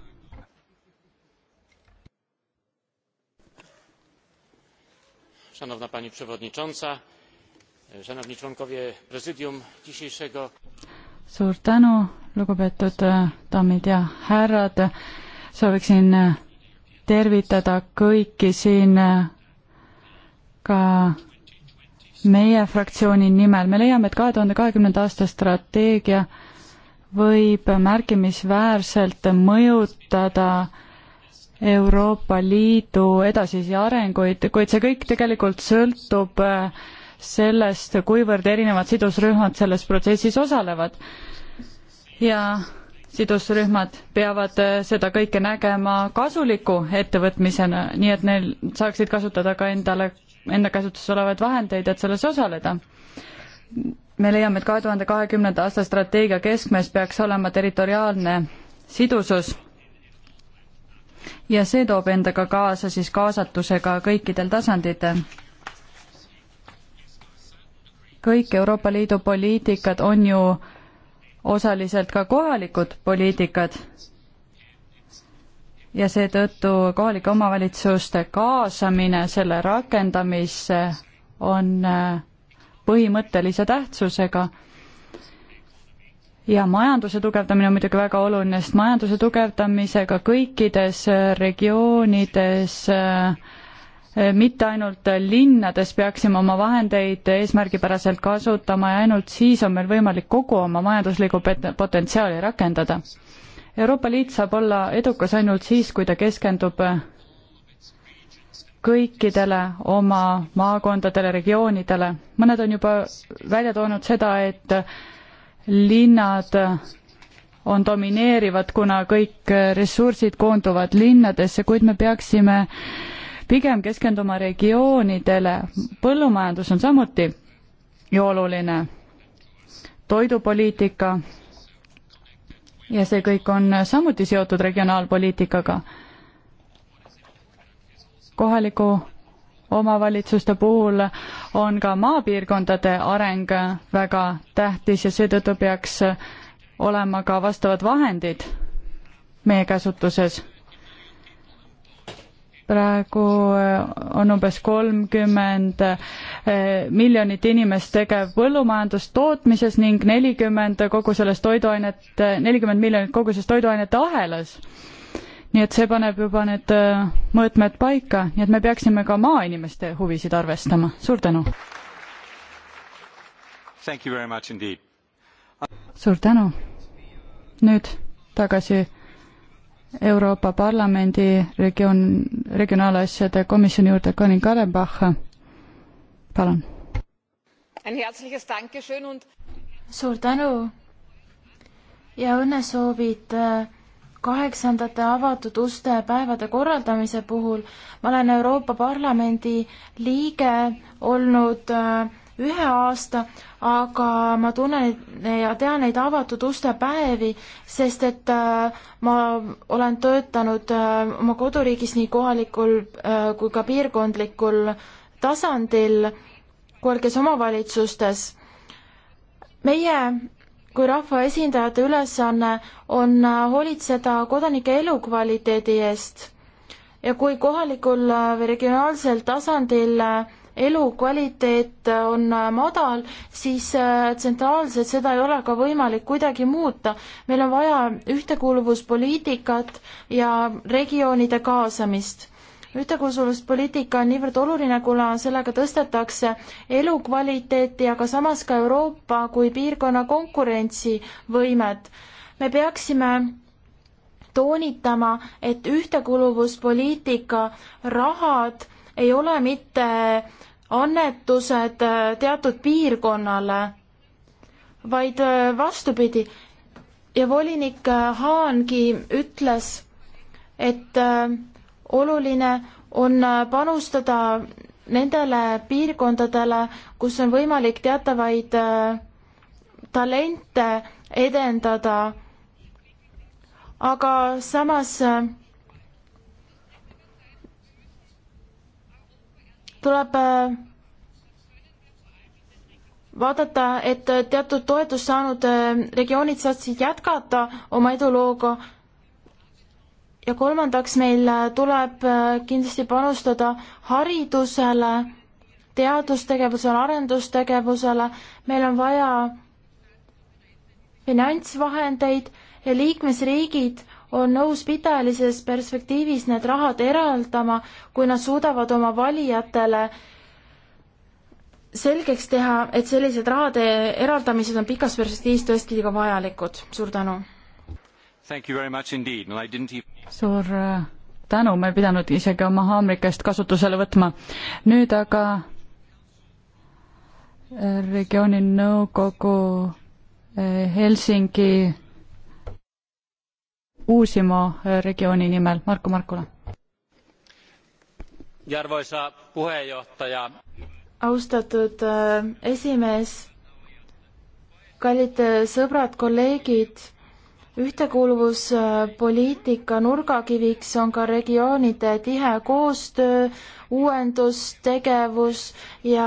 szanowna pani przewodnicząca szanowni członkowie prezydium dzisiejszego suur tänu lugupeetud eh, daamid ja härrad sooviksin eh, tervitada kõiki siin eh, ka meie fraktsiooni nimel me leiame et kahe tuhande kahekümnenda aasta strateegia võib märkimisväärselt mõjutada Euroopa Liidu edasisi arenguid, kuid see kõik tegelikult sõltub äh, sellest, kuivõrd erinevad sidusrühmad selles protsessis osalevad. ja sidusrühmad peavad äh, seda kõike nägema kasuliku ettevõtmisena, nii et neil saaksid kasutada ka endale, enda käsutuses olevaid vahendeid, et selles osaleda. me leiame, et kahe tuhande kahekümnenda aasta strateegia keskmes peaks olema territoriaalne sidusus ja see toob endaga kaasa siis kaasatusega kõikidel tasanditel. kõik Euroopa Liidu poliitikad on ju osaliselt ka kohalikud poliitikad ja seetõttu kohalike omavalitsuste kaasamine selle rakendamisse on äh, põhimõttelise tähtsusega ja majanduse tugevdamine on muidugi väga oluline, sest majanduse tugevdamisega kõikides äh, regioonides äh, mitte ainult linnades peaksime oma vahendeid eesmärgipäraselt kasutama ja ainult siis on meil võimalik kogu oma majanduslikku potentsiaali rakendada. Euroopa Liit saab olla edukas ainult siis, kui ta keskendub äh, kõikidele oma maakondadele, regioonidele. mõned on juba välja toonud seda, et linnad on domineerivad, kuna kõik ressursid koonduvad linnadesse, kuid me peaksime pigem keskenduma regioonidele. põllumajandus on samuti ju oluline, toidupoliitika ja see kõik on samuti seotud regionaalpoliitikaga. kohaliku omavalitsuste puhul on ka maapiirkondade areng väga tähtis ja seetõttu peaks olema ka vastavad vahendid meie käsutuses. praegu on umbes kolmkümmend eh, miljonit inimest tegev põllumajandustootmises ning nelikümmend kogu selles toiduainete, nelikümmend miljonit kogu selles toiduainete ahelas nii et see paneb juba need äh, mõõtmed paika, nii et me peaksime ka maainimeste huvisid arvestama. suur tänu! suur tänu! nüüd tagasi Euroopa Parlamendi regioon, regionaalasjade komisjoni juurde, Karin Kalebach, palun! suur tänu ja õnnesoovid äh, kaheksandate avatud uste päevade korraldamise puhul. ma olen Euroopa Parlamendi liige olnud äh, ühe aasta, aga ma tunnen ja tean neid avatud uste päevi, sest et äh, ma olen töötanud äh, oma koduriigis nii kohalikul kui ka piirkondlikul tasandil kohalikes omavalitsustes. meie kui rahvaesindajate ülesanne on äh, hoolitseda kodanike elukvaliteedi eest ja kui kohalikul äh, või regionaalsel tasandil äh, elukvaliteet on madal, siis tsentraalselt seda ei ole ka võimalik kuidagi muuta. meil on vaja ühtekuuluvuspoliitikat ja regioonide kaasamist ühtekuuluvuspoliitika on niivõrd oluline, kuna sellega tõstetakse elukvaliteeti, aga samas ka Euroopa kui piirkonna konkurentsivõimet. me peaksime toonitama, et ühtekuuluvuspoliitika rahad ei ole mitte annetused äh, teatud piirkonnale, vaid äh, vastupidi. ja volinik äh, Haangi ütles, et äh, oluline on panustada nendele piirkondadele, kus on võimalik teatavaid äh, talente edendada. aga samas äh, tuleb äh, vaadata, et teatud toetust saanud regioonid saaksid jätkata oma edulooga ja kolmandaks, meil äh, tuleb äh, kindlasti panustada haridusele, teadustegevusele, arendustegevusele, meil on vaja finantsvahendeid ja liikmesriigid on nõus pidelises perspektiivis need rahad eraldama, kui nad suudavad oma valijatele selgeks teha, et sellised rahade eraldamised on pikas perspektiivis tõesti ka vajalikud. suur tänu! suur äh, tänu, ma ei pidanud isegi oma haamrikest kasutusele võtma. nüüd aga äh, regiooni nõukogu äh, Helsingi Uusimo regiooni nimel, Marko Markula. austatud esimees, kallid sõbrad, kolleegid ühtekuuluvuspoliitika nurgakiviks on ka regioonide tihe koostöö, uuendustegevus ja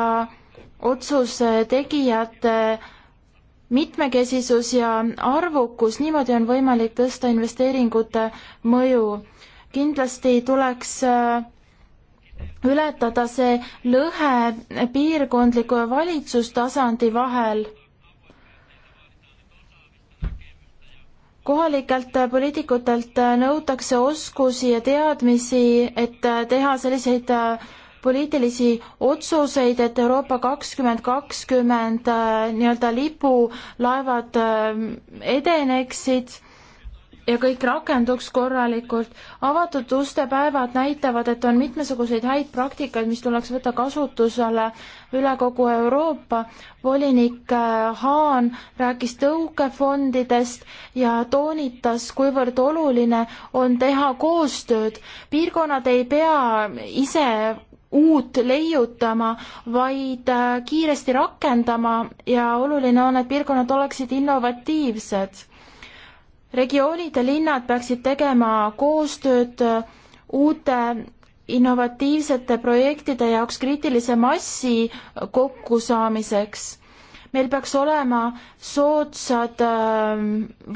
otsuse tegijate mitmekesisus ja arvukus, niimoodi on võimalik tõsta investeeringute mõju. kindlasti tuleks äh, ületada see lõhe piirkondliku ja valitsustasandi vahel kohalikelt äh, poliitikutelt äh, nõutakse oskusi ja teadmisi, et äh, teha selliseid poliitilisi otsuseid, et Euroopa kakskümmend kakskümmend nii-öelda lipulaevad edeneksid ja kõik rakenduks korralikult. avatud uste päevad näitavad, et on mitmesuguseid häid praktikaid, mis tuleks võtta kasutusele üle kogu Euroopa. volinik äh, Haan rääkis tõukefondidest ja toonitas, kuivõrd oluline on teha koostööd. piirkonnad ei pea ise uut leiutama, vaid äh, kiiresti rakendama ja oluline on, et piirkonnad oleksid innovatiivsed regioonid ja linnad peaksid tegema koostööd äh, uute innovatiivsete projektide jaoks kriitilise massi kokkusaamiseks. meil peaks olema soodsad äh,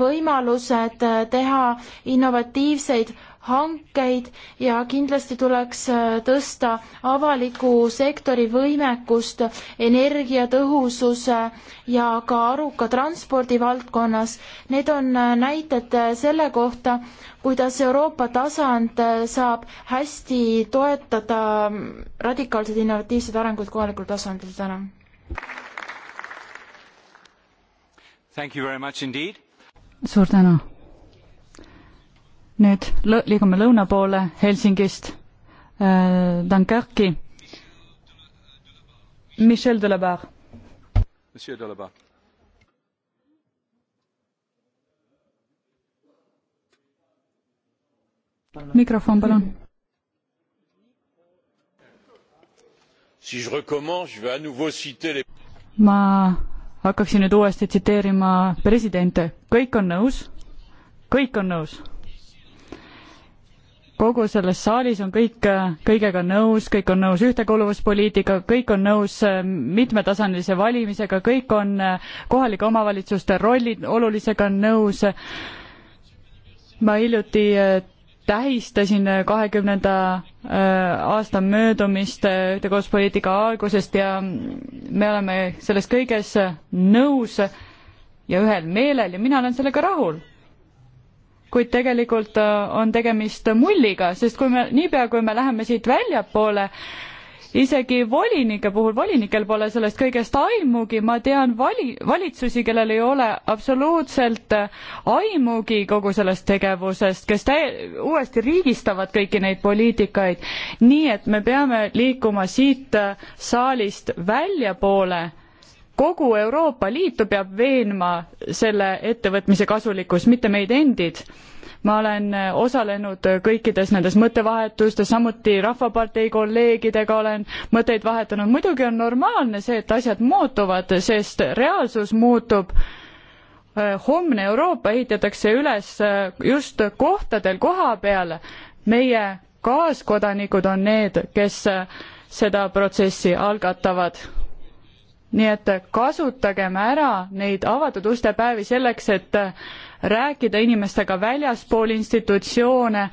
võimalused äh, teha innovatiivseid hankeid ja kindlasti tuleks äh, tõsta avaliku sektori võimekust energiatõhususe ja ka aruka transpordi valdkonnas. Need on äh, näited selle kohta, kuidas Euroopa tasand äh, saab hästi toetada mm, radikaalseid innovatiivseid arenguid kohalikul tasandil täna. suur tänu nüüd lõ-, liigume lõuna poole Helsingist äh,, Dunkerki. Michel Delabar. Monsieur Delabar. mikrofon palun. ma hakkaksin nüüd uuesti tsiteerima presidente, kõik on nõus, kõik on nõus kogu selles saalis on kõik äh, kõigega nõus, kõik on nõus ühtekuuluvuspoliitikaga, kõik on nõus äh, mitmetasandilise valimisega, kõik on äh, kohalike omavalitsuste rolli olulisega nõus. ma hiljuti tähistasin kahekümnenda aasta möödumist ühtekuuluvuspoliitika algusest ja me oleme selles kõiges nõus ja ühel meelel ja mina olen sellega rahul kuid tegelikult äh, on tegemist mulliga, sest kui me, niipea kui me läheme siit väljapoole, isegi volinike puhul, volinikel pole sellest kõigest aimugi, ma tean vali-, valitsusi, kellel ei ole absoluutselt äh, aimugi kogu sellest tegevusest, kes täie-, uuesti riigistavad kõiki neid poliitikaid. nii et me peame liikuma siit äh, saalist väljapoole kogu Euroopa Liitu peab veenma selle ettevõtmise kasulikkus, mitte meid endid. ma olen äh, osalenud äh, kõikides nendes mõttevahetustes, samuti Rahvapartei kolleegidega olen mõtteid vahetanud, muidugi on normaalne see, et asjad muutuvad, sest reaalsus muutub äh, homne Euroopa ehitatakse üles just kohtadel koha peal, meie kaaskodanikud on need, kes seda protsessi algatavad nii et kasutagem ära neid avatud uste päevi selleks, et rääkida inimestega väljaspool institutsioone,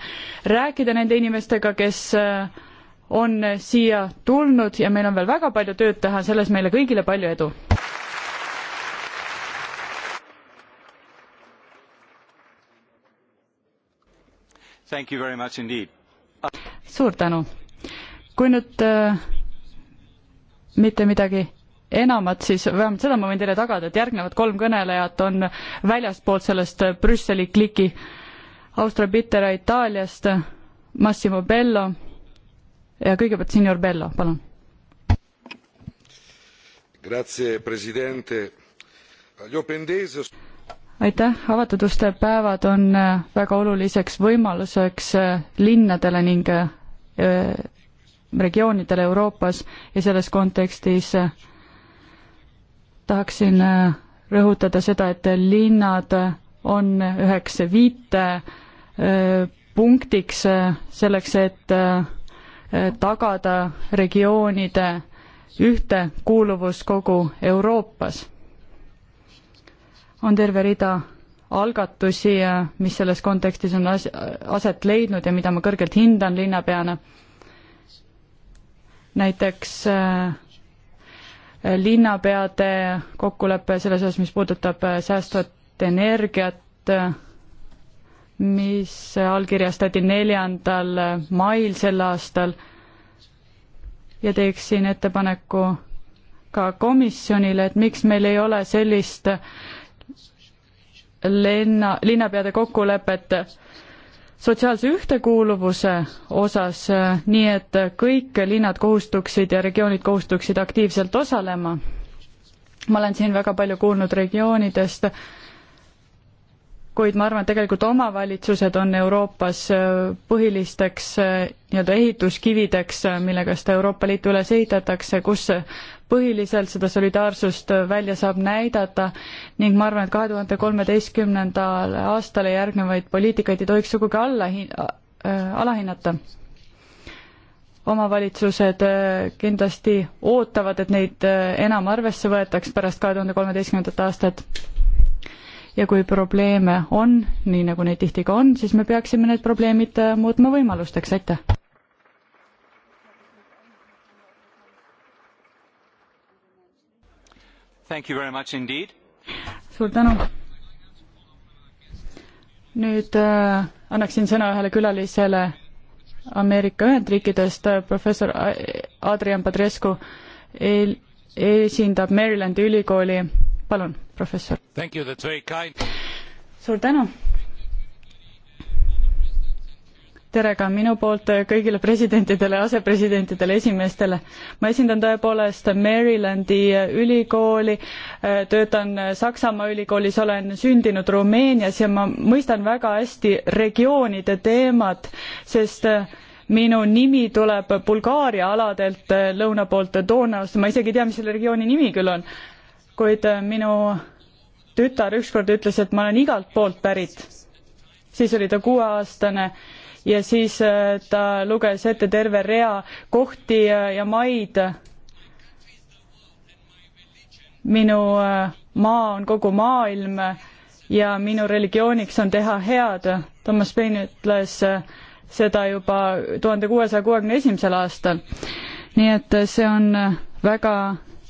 rääkida nende inimestega, kes äh, on siia tulnud ja meil on veel väga palju tööd teha, selles meile kõigile palju edu. suur tänu. kui nüüd äh, mitte midagi enamat, siis vähemalt seda ma võin teile tagada, et järgnevad kolm kõnelejat on väljastpoolt sellest Brüsseli kliki Austria Bittera Itaaliast, Massimo Bello ja kõigepealt senior Bello, palun. aitäh, avatud uste päevad on äh, väga oluliseks võimaluseks äh, linnadele ning äh, regioonidele Euroopas ja selles kontekstis äh, tahaksin äh, rõhutada seda, et linnad on üheks viite äh, punktiks äh, selleks, et tagada regioonide ühtekuuluvus kogu Euroopas. on terve rida algatusi, mis selles kontekstis on as-, aset leidnud ja mida ma kõrgelt hindan linnapeana. näiteks äh, linnapeade kokkulepe selles osas, mis puudutab säästvat energiat, mis allkirjastati neljandal mail sel aastal ja teeksin ettepaneku ka komisjonile, et miks meil ei ole sellist lenna, linnapeade kokkulepet sotsiaalse ühtekuuluvuse osas, nii et kõik linnad kohustuksid ja regioonid kohustuksid aktiivselt osalema. ma olen siin väga palju kuulnud regioonidest, kuid ma arvan, et tegelikult omavalitsused on Euroopas äh, põhilisteks äh, nii-öelda ehituskivideks, äh, millega seda Euroopa Liitu üles ehitatakse, kus põhiliselt seda solidaarsust välja saab näidata ning ma arvan, et kahe tuhande kolmeteistkümnendale aastale järgnevaid poliitikaid ei tohiks sugugi alla hin- äh,, alahinnata. omavalitsused kindlasti ootavad, et neid enam arvesse võetaks pärast kahe tuhande kolmeteistkümnendat aastat ja kui probleeme on, nii nagu neid tihti ka on, siis me peaksime need probleemid äh, muutma võimalusteks, aitäh! suur tänu! nüüd äh, annaksin sõna ühele külalisele Ameerika Ühendriikidest, äh, professor Adrian Padrescu esindab Marylandi ülikooli, palun professor. suur tänu. tere ka minu poolt kõigile presidentidele, asepresidentidele, esimeestele. ma esindan tõepoolest Marylandi ülikooli, töötan Saksamaa ülikoolis, olen sündinud Rumeenias ja ma mõistan väga hästi regioonide teemat, sest minu nimi tuleb Bulgaaria aladelt lõuna poolt Donaust, ma isegi ei tea, mis selle regiooni nimi küll on kuid äh, minu tütar ükskord ütles, et ma olen igalt poolt pärit. siis oli ta kuueaastane ja siis äh, ta luges ette terve rea kohti äh, ja maid. minu maa on kogu maailm ja minu religiooniks on teha head. Thomas Paine ütles seda juba tuhande kuuesaja kuuekümne esimesel aastal. nii et see on väga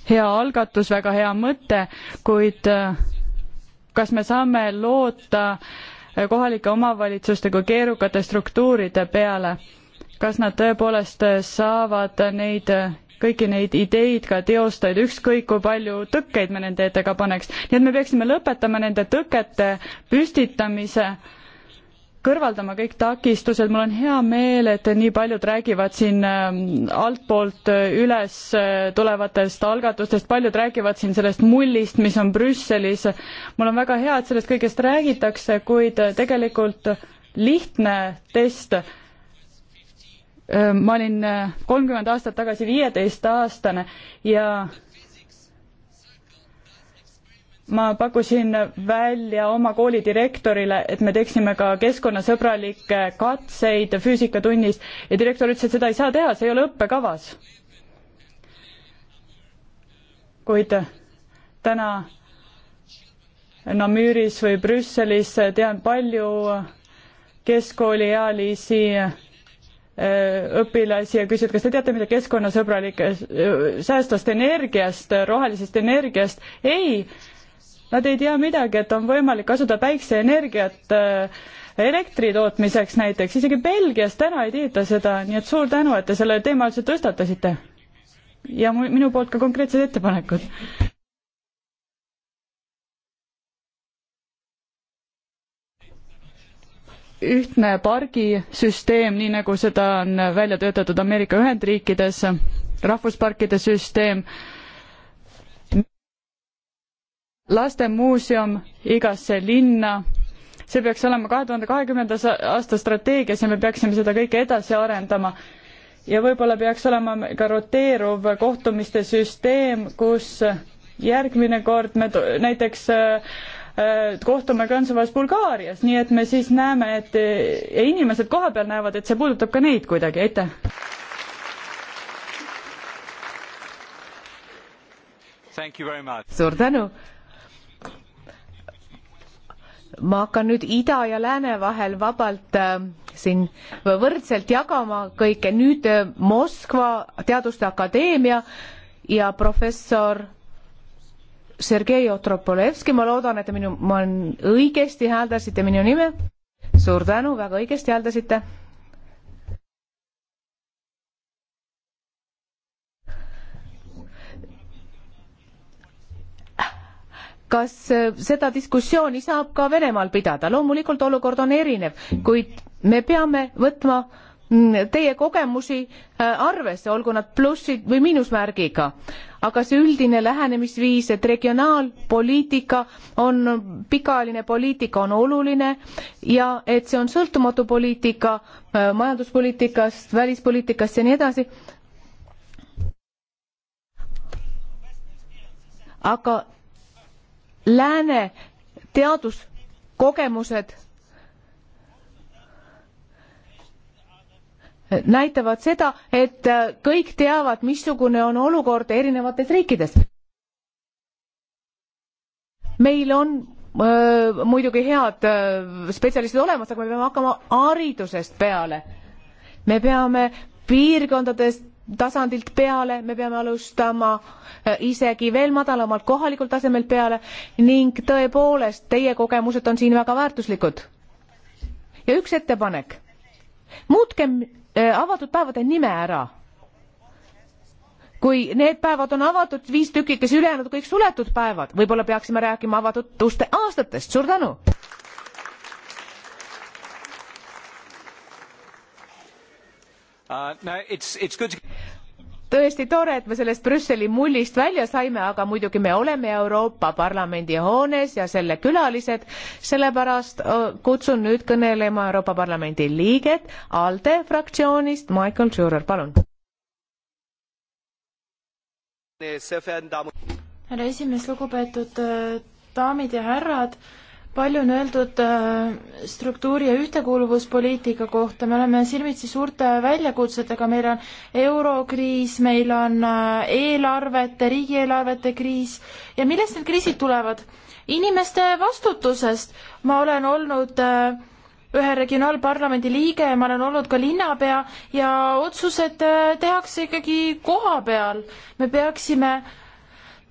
hea algatus, väga hea mõte, kuid äh, kas me saame loota äh, kohalike omavalitsuste kui keerukate struktuuride peale? kas nad tõepoolest äh, saavad neid kõiki neid ideid ka teostajaid, ükskõik kui palju tõkkeid me nende ette ka paneks. nii et me peaksime lõpetama nende tõkete püstitamise äh, kõrvaldama kõik takistused, mul on hea meel, et nii paljud räägivad siin ähm, altpoolt äh, üles äh, tulevatest algatustest, paljud räägivad siin sellest mullist, mis on Brüsselis. mul on väga hea, et sellest kõigest räägitakse, kuid äh, tegelikult lihtne test. ma olin kolmkümmend aastat tagasi viieteistaastane ja ma pakkusin välja oma kooli direktorile, et me teeksime ka keskkonnasõbralikke katseid füüsikatunnis ja direktor ütles, et seda ei saa teha, see ei ole õppekavas. kuid täna Namüüris või Brüsselis tean palju keskkooliealisi äh, õpilasi ja küsivad, kas te teate midagi keskkonnasõbralikest, äh, säästvast energiast, rohelisest energiast. ei Nad ei tea midagi, et on võimalik kasutada päikseenergiat äh, elektri tootmiseks näiteks, isegi Belgias täna ei teeta seda, nii et suur tänu, et te selle teema üldse tõstatasite. ja minu poolt ka konkreetsed ettepanekud. ühtne pargisüsteem, nii nagu seda on välja töötatud Ameerika Ühendriikides, rahvusparkide süsteem lastemuuseum igasse linna, see peaks olema kahe tuhande kahekümnenda aasta strateegias ja me peaksime seda kõike edasi arendama. ja võib-olla peaks olema ka roteeruv kohtumiste süsteem, kus järgmine kord me näiteks äh, äh, kohtume Kõnsuvas Bulgaarias, nii et me siis näeme, et ja inimesed kohapeal näevad, et see puudutab ka neid kuidagi, aitäh. suur tänu ma hakkan nüüd ida ja lääne vahel vabalt äh, siin võrdselt jagama kõike. nüüd äh, Moskva Teaduste Akadeemia ja professor Sergei Otropolevski, ma loodan, et te minu, ma õigesti hääldasite minu nime. suur tänu, väga õigesti hääldasite kas äh, seda diskussiooni saab ka Venemaal pidada? loomulikult olukord on erinev, kuid me peame võtma mm, teie kogemusi äh, arvesse, olgu nad plussid või miinusmärgiga, aga see üldine lähenemisviis, et regionaalpoliitika on pikaajaline poliitika, on oluline ja et see on sõltumatu poliitika äh, majanduspoliitikast, välispoliitikast ja nii edasi. aga lääne teaduskogemused näitavad seda, et kõik teavad, missugune on olukord erinevates riikides. meil on öö, äh, muidugi head öö, äh, spetsialistid olemas, aga me peame hakkama haridusest peale. me peame piirkondadest tasandilt peale, me peame alustama äh, isegi veel madalamalt kohalikul tasemel peale ning tõepoolest, teie kogemused on siin väga väärtuslikud. ja üks ettepanek, muutkem äh, avatud päevade nime ära. kui need päevad on avatud, viis tükki, kes ülejäänud kõik suletud päevad, võib-olla peaksime rääkima avatud uste aastatest, suur tänu! uh,. No, it's, it's good to tõesti tore, et me sellest Brüsseli mullist välja saime, aga muidugi me oleme Euroopa Parlamendi hoones ja selle külalised. sellepärast uh, kutsun nüüd kõnelema Euroopa Parlamendi liiget ALDE fraktsioonist Michael Schurer, palun. härra esimees, lugupeetud äh, daamid ja härrad palju on öeldud äh, struktuuri- ja ühtekuuluvuspoliitika kohta, me oleme silmitsi suurte väljakutsetega, meil on eurokriis, meil on äh, eelarvete, riigieelarvete kriis ja millest need kriisid tulevad? inimeste vastutusest, ma olen olnud äh, ühe regionaalparlamendi liige, ma olen olnud ka linnapea ja otsused tehakse ikkagi koha peal, me peaksime äh,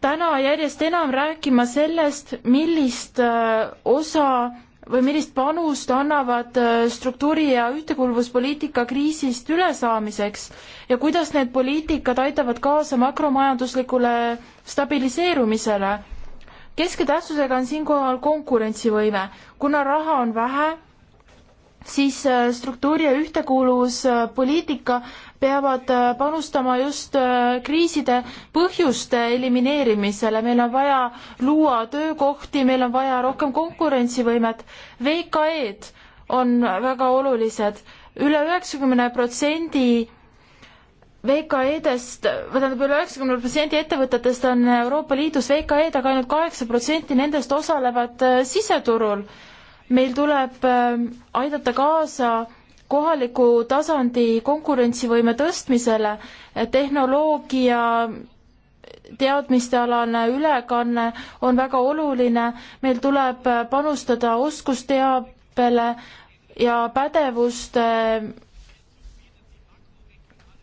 täna järjest enam rääkima sellest, millist äh, osa või millist panust annavad äh, struktuuri- ja ühtekuuluvuspoliitika kriisist ülesaamiseks ja kuidas need poliitikad aitavad kaasa makromajanduslikule stabiliseerumisele. kesktähtsusega on siinkohal konkurentsivõime, kuna raha on vähe siis äh, struktuuri- ja ühtekuuluvuspoliitika peavad äh, panustama just äh, kriiside põhjuste elimineerimisele, meil on vaja luua töökohti, meil on vaja rohkem konkurentsivõimet, VKE-d on väga olulised üle, üle üheksakümne protsendi VKE-dest, või tähendab, üle üheksakümne protsendi ettevõtetest on Euroopa Liidus VKE-d, aga ainult kaheksa protsenti nendest osalevad siseturul meil tuleb ähm, aidata kaasa kohaliku tasandi konkurentsivõime tõstmisele, äh, tehnoloogia teadmistealane ülekanne on väga oluline, meil tuleb äh, panustada oskusteabele ja pädevuste äh,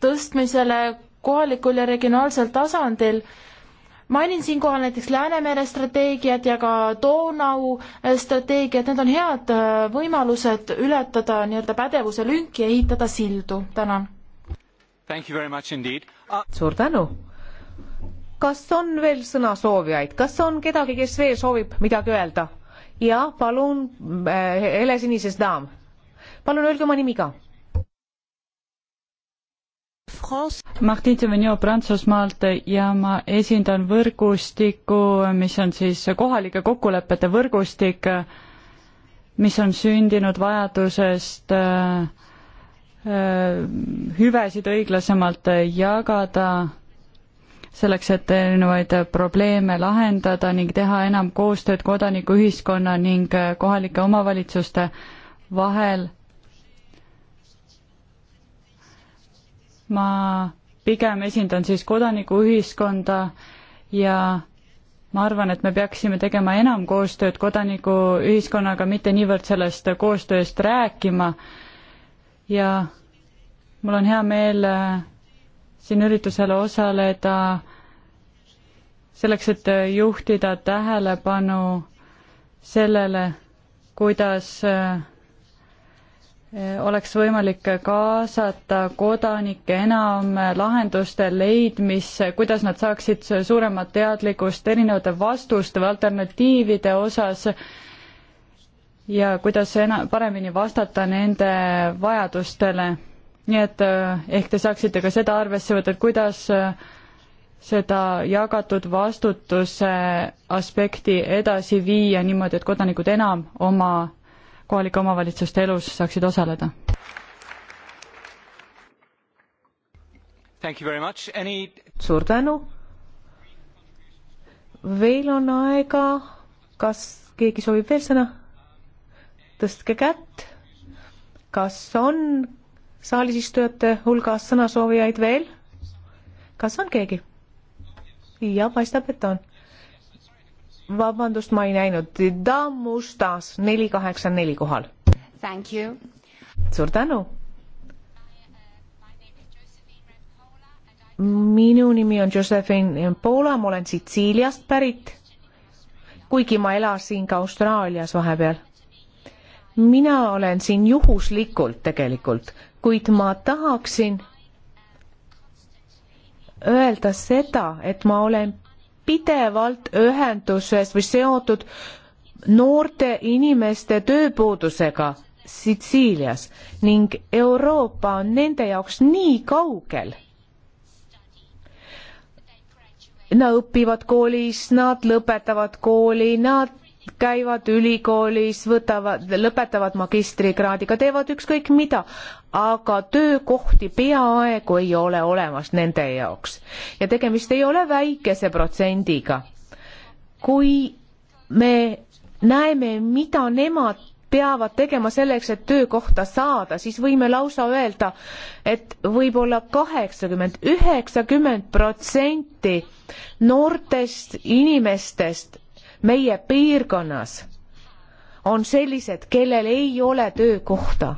tõstmisele kohalikul ja regionaalsel tasandil mainin siinkohal näiteks Läänemere strateegiat ja ka Donau äh, strateegiat, need on head äh, võimalused ületada nii-öelda pädevuse lünki ja ehitada sildu, tänan. suur tänu. kas on veel sõnasoovijaid, kas on kedagi, kes veel soovib midagi öelda? jah, palun äh,, helesinises daam. palun öelge oma nimi ka Martin Semenio Prantsusmaalt ja ma esindan võrgustikku, mis on siis kohalike kokkulepete võrgustik, mis on sündinud vajadusest äh, äh, hüvesid õiglasemalt jagada, selleks et erinevaid probleeme lahendada ning teha enam koostööd kodanikuühiskonna ning kohalike omavalitsuste vahel ma pigem esindan siis kodanikuühiskonda ja ma arvan, et me peaksime tegema enam koostööd kodanikuühiskonnaga, mitte niivõrd sellest koostööst rääkima. ja mul on hea meel äh, siin üritusel osaleda selleks, et äh, juhtida tähelepanu sellele, kuidas äh, Äh, oleks võimalik kaasata kodanikke enam lahenduste leidmisse, kuidas nad saaksid suuremat teadlikkust erinevate vastuste või alternatiivide osas ja kuidas ena-, paremini vastata nende vajadustele. nii et äh, ehk te saaksite ka seda arvesse võtta, et kuidas äh, seda jagatud vastutuse aspekti edasi viia niimoodi, et kodanikud enam oma kohalike omavalitsuste elus saaksid osaleda. Any... suur tänu. veel on aega, kas keegi soovib veel sõna? tõstke kätt. kas on saalis istujate hulgas sõnasoovijaid veel? kas on keegi? ja paistab, et on vabandust, ma ei näinud, Dammus taas neli kaheksa neli kohal. suur tänu. minu nimi on Josephine Poola, ma olen Sitsiiliast pärit, kuigi ma elasin ka Austraalias vahepeal. mina olen siin juhuslikult tegelikult, kuid ma tahaksin öelda seda, et ma olen pidevalt ühenduses või seotud noorte inimeste tööpuudusega Sitsiilias ning Euroopa on nende jaoks nii kaugel. Nad õpivad koolis, nad lõpetavad kooli, nad käivad ülikoolis, võtavad, lõpetavad magistrikraadiga, teevad ükskõik mida, aga töökohti peaaegu ei ole olemas nende jaoks ja tegemist ei ole väikese protsendiga. kui me näeme, mida nemad peavad tegema selleks, et töökohta saada, siis võime lausa öelda, et võib-olla kaheksakümmend, üheksakümmend protsenti noortest inimestest meie piirkonnas on sellised, kellel ei ole töökohta.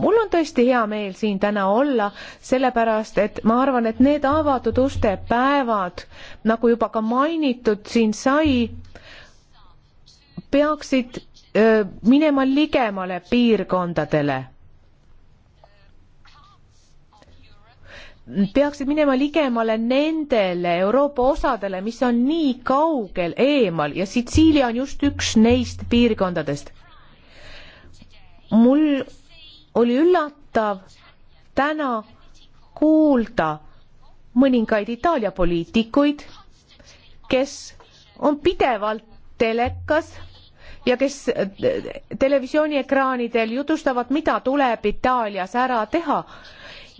mul on tõesti hea meel siin täna olla, sellepärast et ma arvan, et need avatud uste päevad, nagu juba ka mainitud siin sai, peaksid öö, minema ligemale piirkondadele peaksid minema ligemale nendele Euroopa osadele, mis on nii kaugel eemal ja Sitsiilia on just üks neist piirkondadest. mul oli üllatav täna kuulda mõningaid Itaalia poliitikuid, kes on pidevalt telekas ja kes eh, televisiooniekraanidel jutustavad, mida tuleb Itaalias ära teha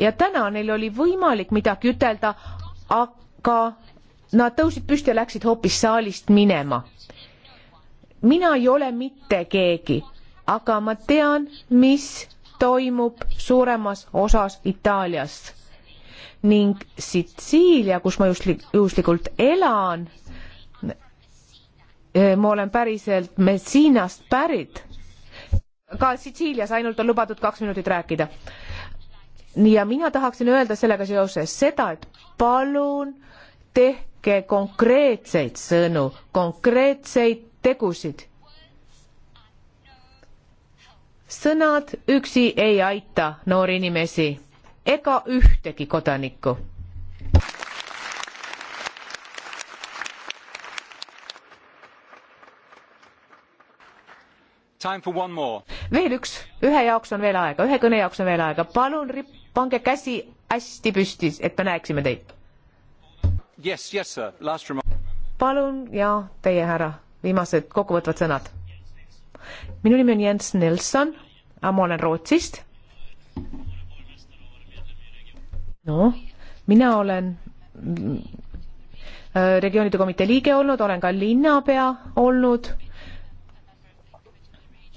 ja täna neil oli võimalik midagi ütelda, aga nad tõusid püsti ja läksid hoopis saalist minema. mina ei ole mitte keegi, aga ma tean, mis toimub suuremas osas Itaaliast ning Sitsiilia, kus ma juhuslik, juhuslikult elan, eh, ma olen päriselt Messinast pärit. ka Sitsiilias ainult on lubatud kaks minutit rääkida ja mina tahaksin öelda sellega seoses seda, et palun tehke konkreetseid sõnu, konkreetseid tegusid. sõnad üksi ei aita noori inimesi ega ühtegi kodanikku. veel üks, ühe jaoks on veel aega, ühe kõne jaoks on veel aega, palun rip-, pange käsi hästi püsti, et me näeksime teid. Yes, yes, palun ja teie, härra, viimased kokkuvõtvad sõnad. minu nimi on Jens Nelson, ma olen Rootsist. noh, mina olen mm, äh, regioonide komitee liige olnud, olen ka linnapea olnud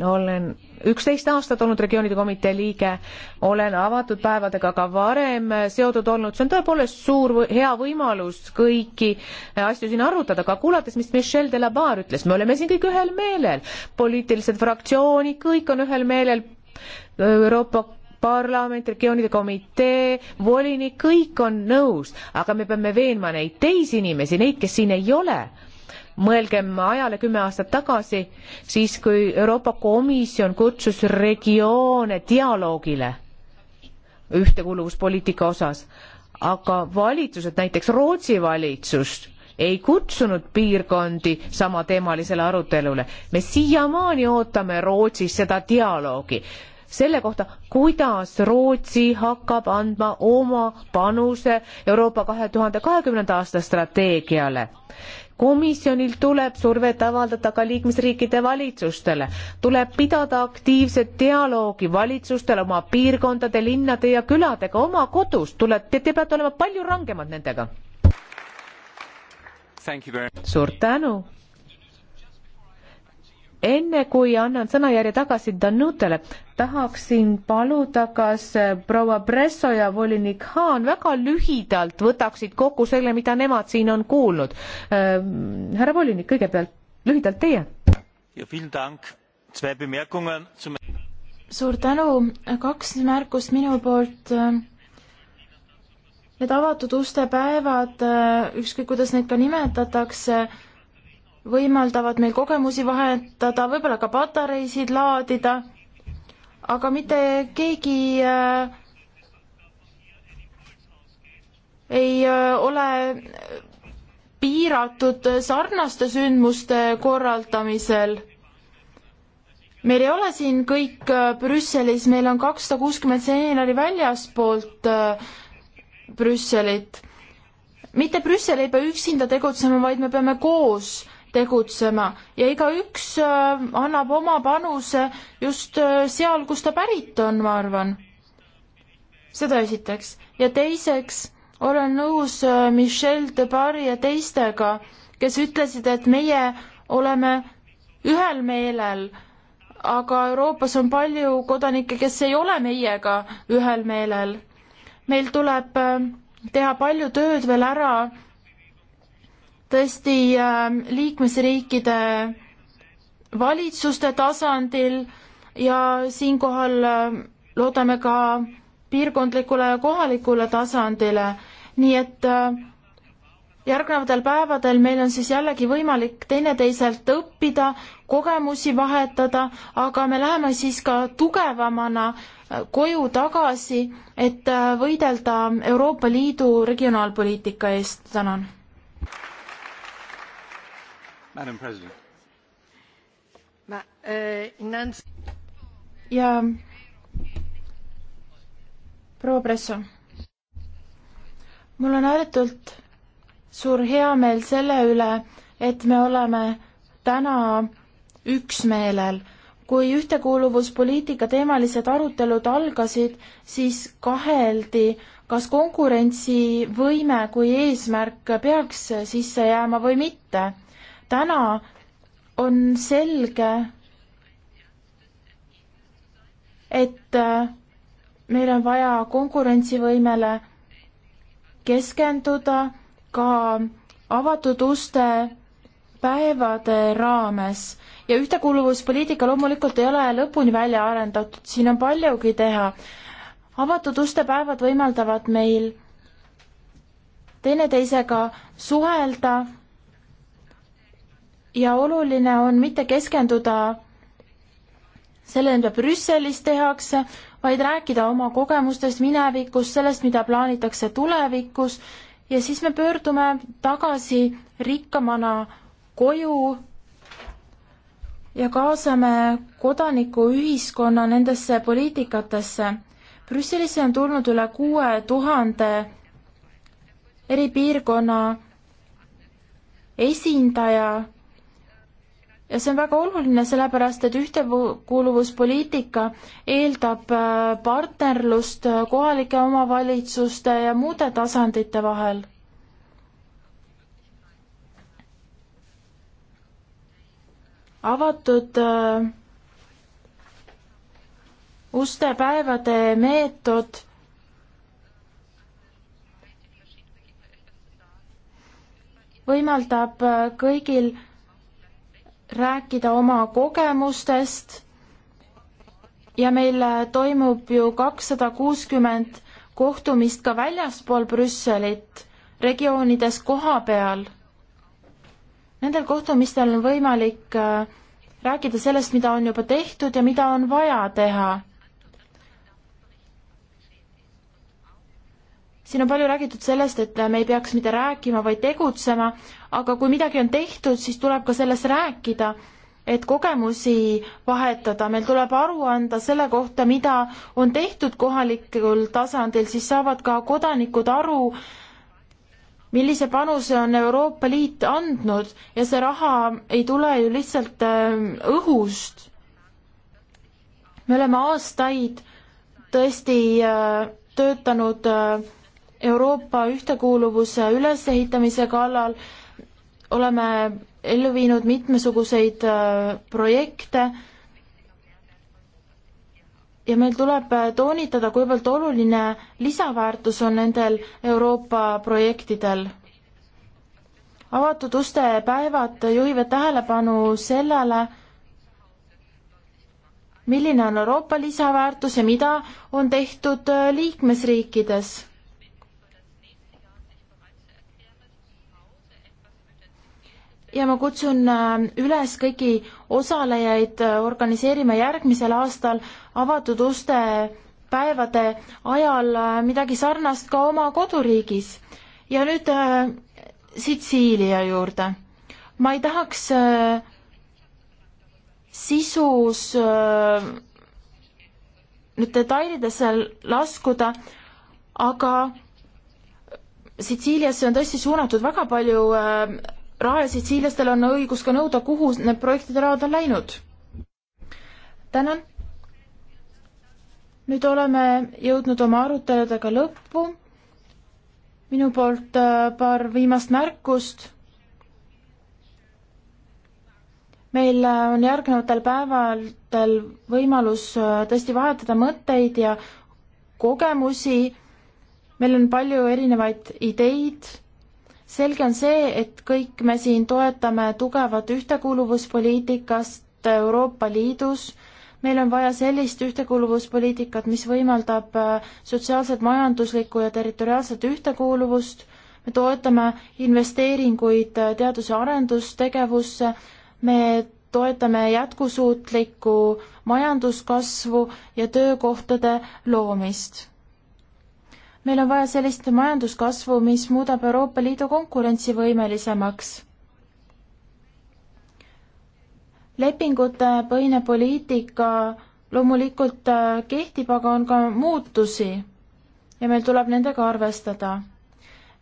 olen üksteist aastat olnud regioonide komitee liige, olen avatud päevadega ka varem seotud olnud, see on tõepoolest suur, hea võimalus kõiki asju siin arutada, aga kuulates, mis Michel Delabar ütles, me oleme siin kõik ühel meelel, poliitilised fraktsioonid, kõik on ühel meelel, Euroopa parlament, regioonide komitee, volinik, kõik on nõus, aga me peame veenma neid teisi inimesi, neid, kes siin ei ole mõelgem ajale kümme aastat tagasi, siis kui Euroopa Komisjon kutsus regioone dialoogile ühtekuuluvuspoliitika osas, aga valitsused, näiteks Rootsi valitsus, ei kutsunud piirkondi samateemalisele arutelule. me siiamaani ootame Rootsis seda dialoogi selle kohta, kuidas Rootsi hakkab andma oma panuse Euroopa kahe tuhande kahekümnenda aasta strateegiale komisjonil tuleb survet avaldada ka liikmesriikide valitsustele, tuleb pidada aktiivset dialoogi valitsustele oma piirkondade, linnade ja küladega oma kodus, tuleb, te, te peate olema palju rangemad nendega. suur tänu enne kui annan sõnajärje tagasi Danutele, tahaksin paluda, kas äh, proua Presso ja volinik Haan väga lühidalt võtaksid kokku selle, mida nemad siin on kuulnud. Äh, härra volinik, kõigepealt lühidalt teie. suur tänu, kaks märkust minu poolt Need avatud uste päevad, äh, ükskõik kuidas neid ka nimetatakse, võimaldavad meil kogemusi vahetada, võib-olla ka patareisid laadida, aga mitte keegi äh, ei äh, ole piiratud sarnaste sündmuste korraldamisel. meil ei ole siin kõik äh, Brüsselis, meil on kakssada kuuskümmend seminari väljaspoolt äh, Brüsselit. mitte Brüssel ei pea üksinda tegutsema, vaid me peame koos tegutsema ja igaüks äh, annab oma panuse just äh, seal, kust ta pärit on, ma arvan. seda esiteks. ja teiseks olen nõus äh, Michel Debari ja teistega, kes ütlesid, et meie oleme ühel meelel, aga Euroopas on palju kodanikke, kes ei ole meiega ühel meelel. meil tuleb teha palju tööd veel ära tõesti ähm, liikmesriikide valitsuste tasandil ja siinkohal ähm, loodame ka piirkondlikule ja kohalikule tasandile, nii et ähm, järgnevatel päevadel meil on siis jällegi võimalik teineteiselt õppida, kogemusi vahetada, aga me läheme siis ka tugevamana äh, koju tagasi, et äh, võidelda Euroopa Liidu regionaalpoliitika eest, tänan Eh, ja proua Presso, mul on ääretult suur heameel selle üle, et me oleme täna üksmeelel. kui ühtekuuluvuspoliitika teemalised arutelud algasid, siis kaheldi, kas konkurentsivõime kui eesmärk peaks sisse jääma või mitte täna on selge, et äh, meil on vaja konkurentsivõimele keskenduda ka avatud uste päevade raames ja ühtekuuluvuspoliitika loomulikult ei ole lõpuni välja arendatud, siin on paljugi teha. avatud uste päevad võimaldavad meil teineteisega suhelda ja oluline on mitte keskenduda sellele, mida Brüsselis tehakse, vaid rääkida oma kogemustest minevikus, sellest, mida plaanitakse tulevikus ja siis me pöördume tagasi rikkamana koju ja kaasame kodanikuühiskonna nendesse poliitikatesse. Brüsselisse on tulnud üle kuue tuhande eri piirkonna esindaja ja see on väga oluline, sellepärast et ühtekuuluvuspoliitika eeldab äh, partnerlust äh, kohalike omavalitsuste ja muude tasandite vahel. avatud äh, uste päevade meetod võimaldab kõigil rääkida oma kogemustest ja meil toimub ju kakssada kuuskümmend kohtumist ka väljaspool Brüsselit, regioonides koha peal. Nendel kohtumistel on võimalik äh, rääkida sellest, mida on juba tehtud ja mida on vaja teha. siin on palju räägitud sellest, et me ei peaks mitte rääkima, vaid tegutsema, aga kui midagi on tehtud, siis tuleb ka sellest rääkida, et kogemusi vahetada, meil tuleb aru anda selle kohta, mida on tehtud kohalikul tasandil, siis saavad ka kodanikud aru, millise panuse on Euroopa Liit andnud ja see raha ei tule ju lihtsalt äh, õhust. me oleme aastaid tõesti äh, töötanud äh, Euroopa ühtekuuluvuse ülesehitamise kallal ka oleme ellu viinud mitmesuguseid äh, projekte ja meil tuleb äh, toonitada, kuivõrd oluline lisaväärtus on nendel Euroopa projektidel. avatud uste päevad juhivad tähelepanu sellele, milline on Euroopa lisaväärtus ja mida on tehtud äh, liikmesriikides ja ma kutsun äh, üles kõiki osalejaid äh, organiseerima järgmisel aastal avatud uste päevade ajal äh, midagi sarnast ka oma koduriigis. ja nüüd Sitsiilia juurde. ma ei tahaks sisus nüüd detailidesse laskuda, aga Sitsiiliasse on tõesti suunatud väga palju rahasid hiilastel on õigus ka nõuda, kuhu need projektide rahad on läinud. tänan. nüüd oleme jõudnud oma aruteludega lõppu. minu poolt äh, paar viimast märkust. meil äh, on järgnevatel päevadel võimalus äh, tõesti vahetada mõtteid ja kogemusi. meil on palju erinevaid ideid selge on see, et kõik me siin toetame tugevat ühtekuuluvuspoliitikast Euroopa Liidus, meil on vaja sellist ühtekuuluvuspoliitikat, mis võimaldab äh, sotsiaalset, majanduslikku ja territoriaalset ühtekuuluvust, me toetame investeeringuid äh, teadus- ja arendustegevusse, me toetame jätkusuutlikku majanduskasvu ja töökohtade loomist meil on vaja sellist majanduskasvu, mis muudab Euroopa Liidu konkurentsivõimelisemaks. lepingute põhine poliitika loomulikult äh, kehtib, aga on ka muutusi ja meil tuleb nendega arvestada.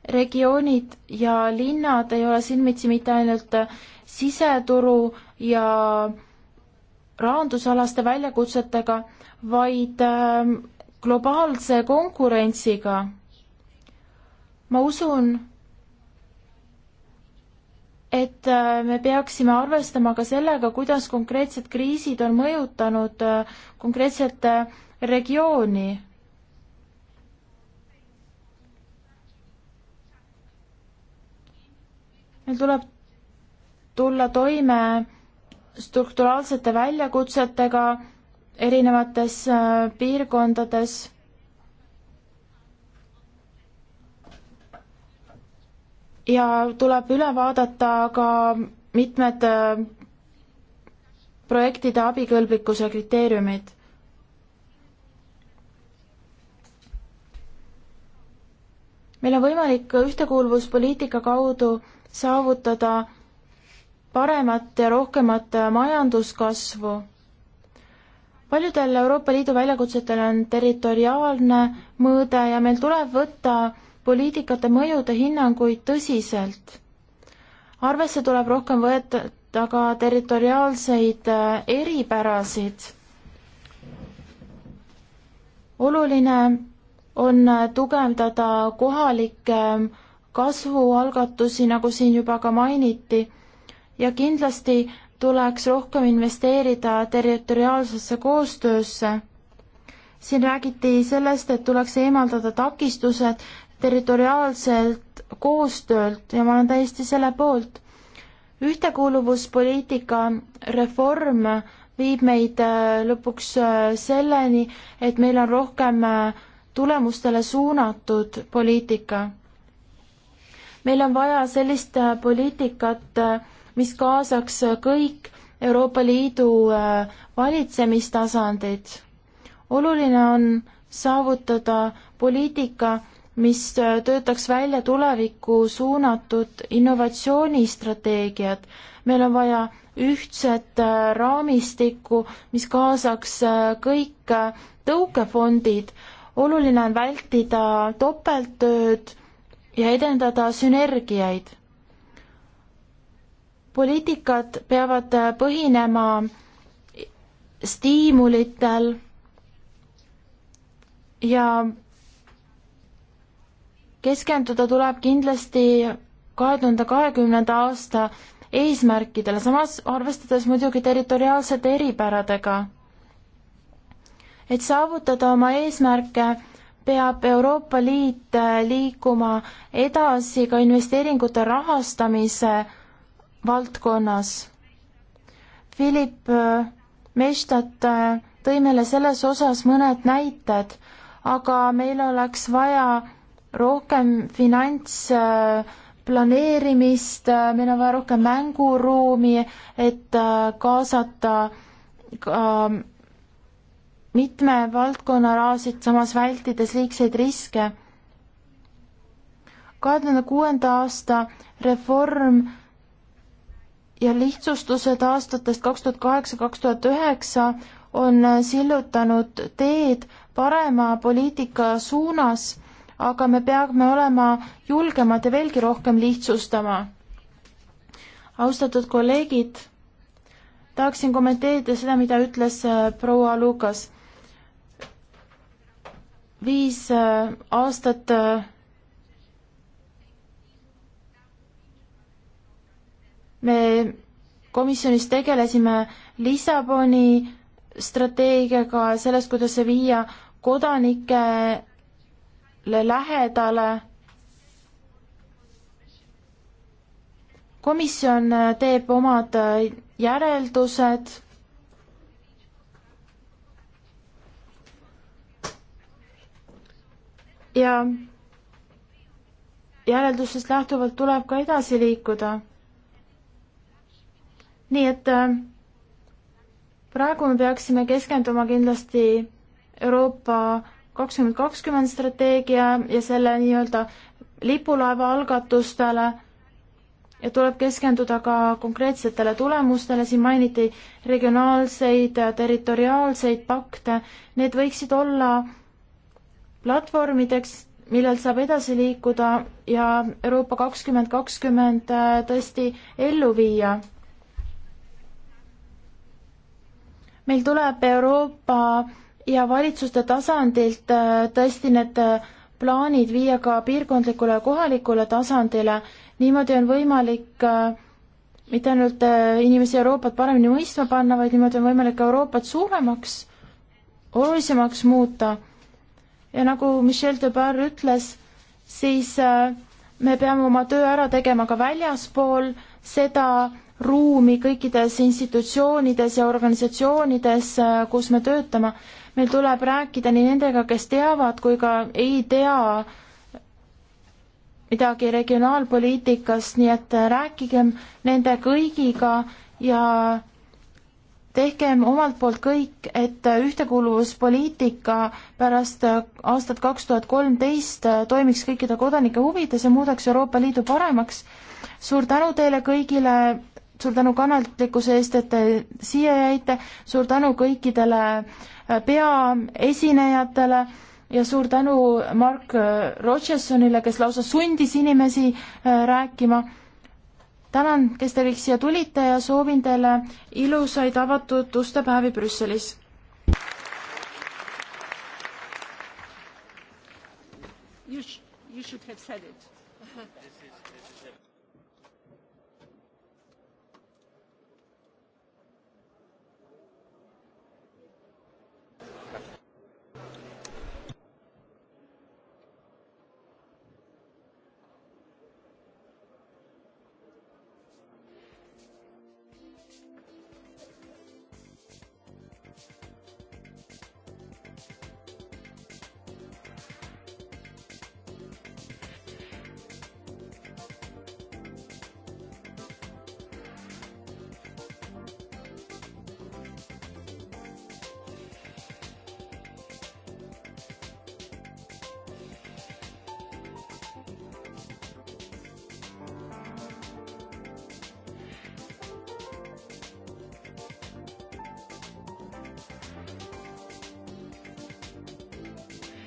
regioonid ja linnad ei ole silmitsi mitte ainult äh, siseturu ja rahandusalaste väljakutsetega, vaid ähm, globaalse konkurentsiga. ma usun, et äh, me peaksime arvestama ka sellega, kuidas konkreetsed kriisid on mõjutanud äh, konkreetset äh, regiooni. meil tuleb tulla toime strukturaalsete väljakutsetega erinevates äh, piirkondades. ja tuleb üle vaadata ka mitmed äh, projektide abikõlblikkuse kriteeriumid meil on võimalik ühtekuuluvuspoliitika kaudu saavutada paremat ja rohkemat majanduskasvu paljudel Euroopa Liidu väljakutsetel on territoriaalne mõõde ja meil tuleb võtta poliitikate mõjude hinnanguid tõsiselt. arvesse tuleb rohkem võtta ka territoriaalseid äh, eripärasid. oluline on äh, tugevdada kohalikke ähm, kasvualgatusi, nagu siin juba ka mainiti, ja kindlasti tuleks rohkem investeerida territoriaalsesse koostöösse. siin räägiti sellest, et tuleks eemaldada takistused territoriaalselt koostöölt ja ma olen täiesti selle poolt. ühtekuuluvuspoliitika reform viib meid äh, lõpuks äh, selleni, et meil on rohkem äh, tulemustele suunatud poliitika. meil on vaja sellist poliitikat, mis kaasaks kõik Euroopa Liidu äh, valitsemistasandid. oluline on saavutada poliitika, mis äh, töötaks välja tulevikku suunatud innovatsioonistrateegiad. meil on vaja ühtset äh, raamistikku, mis kaasaks kõik tõukefondid. oluline on vältida topelttööd ja edendada sünergiaid poliitikad peavad põhinema stiimulitel ja keskenduda tuleb kindlasti kahe tuhande kahekümnenda aasta eesmärkidele, samas arvestades muidugi territoriaalsete eripäradega. et saavutada oma eesmärke, peab Euroopa Liit liikuma edasi ka investeeringute rahastamise valdkonnas. Philip äh, Mestat äh, tõi meile selles osas mõned näited, aga meil oleks vaja rohkem finantsplaneerimist, äh, meil on vaja rohkem mänguruumi, et kaasata ka mitme valdkonna rahasid, samas vältides liigseid riske. kahe tuhande kuuenda aasta reform ja lihtsustused aastatest kaks tuhat kaheksa, kaks tuhat üheksa on sillutanud teed parema poliitika suunas, aga me peame olema julgemad ja veelgi rohkem lihtsustama. austatud kolleegid, tahaksin kommenteerida seda, mida ütles äh, proua Lukas. viis äh, aastat äh, me komisjonis tegelesime Lissaboni strateegiaga ja sellest, kuidas see viia kodanikele lähedale. komisjon teeb omad järeldused. ja järeldustest lähtuvalt tuleb ka edasi liikuda nii et äh, praegu me peaksime keskenduma kindlasti Euroopa kakskümmend kakskümmend strateegia ja selle nii-öelda lipulaeva algatustele ja tuleb keskenduda ka konkreetsetele tulemustele, siin mainiti regionaalseid, territoriaalseid pakte, need võiksid olla platvormideks, millel saab edasi liikuda ja Euroopa kakskümmend kakskümmend äh, tõesti ellu viia meil tuleb Euroopa ja valitsuste tasandilt äh, tõesti need äh, plaanid viia ka piirkondlikule ja kohalikule tasandile, niimoodi on võimalik äh, mitte ainult inimesi Euroopat paremini mõistma panna, vaid niimoodi on võimalik Euroopat suuremaks, olulisemaks muuta. ja nagu Michel Debar ütles, siis me peame oma töö ära tegema ka väljaspool seda ruumi kõikides institutsioonides ja organisatsioonides, äh, kus me töötame. meil tuleb rääkida nii nendega, kes teavad, kui ka ei tea midagi regionaalpoliitikast, nii et äh, rääkigem nende kõigiga ja tehkem omalt poolt kõik, et äh, ühtekuuluvuspoliitika pärast aastat kaks tuhat kolmteist toimiks kõikide kodanike huvides ja muudaks Euroopa Liidu paremaks. suur tänu teile kõigile suur tänu kannatlikkuse eest, et te siia jäite, suur tänu kõikidele äh, peaesinejatele ja suur tänu Mark äh, Rochessonile, kes lausa sundis inimesi äh, rääkima. tänan, kes te kõik siia tulite ja soovin teile ilusaid avatud ustepäevi Brüsselis you should have said it.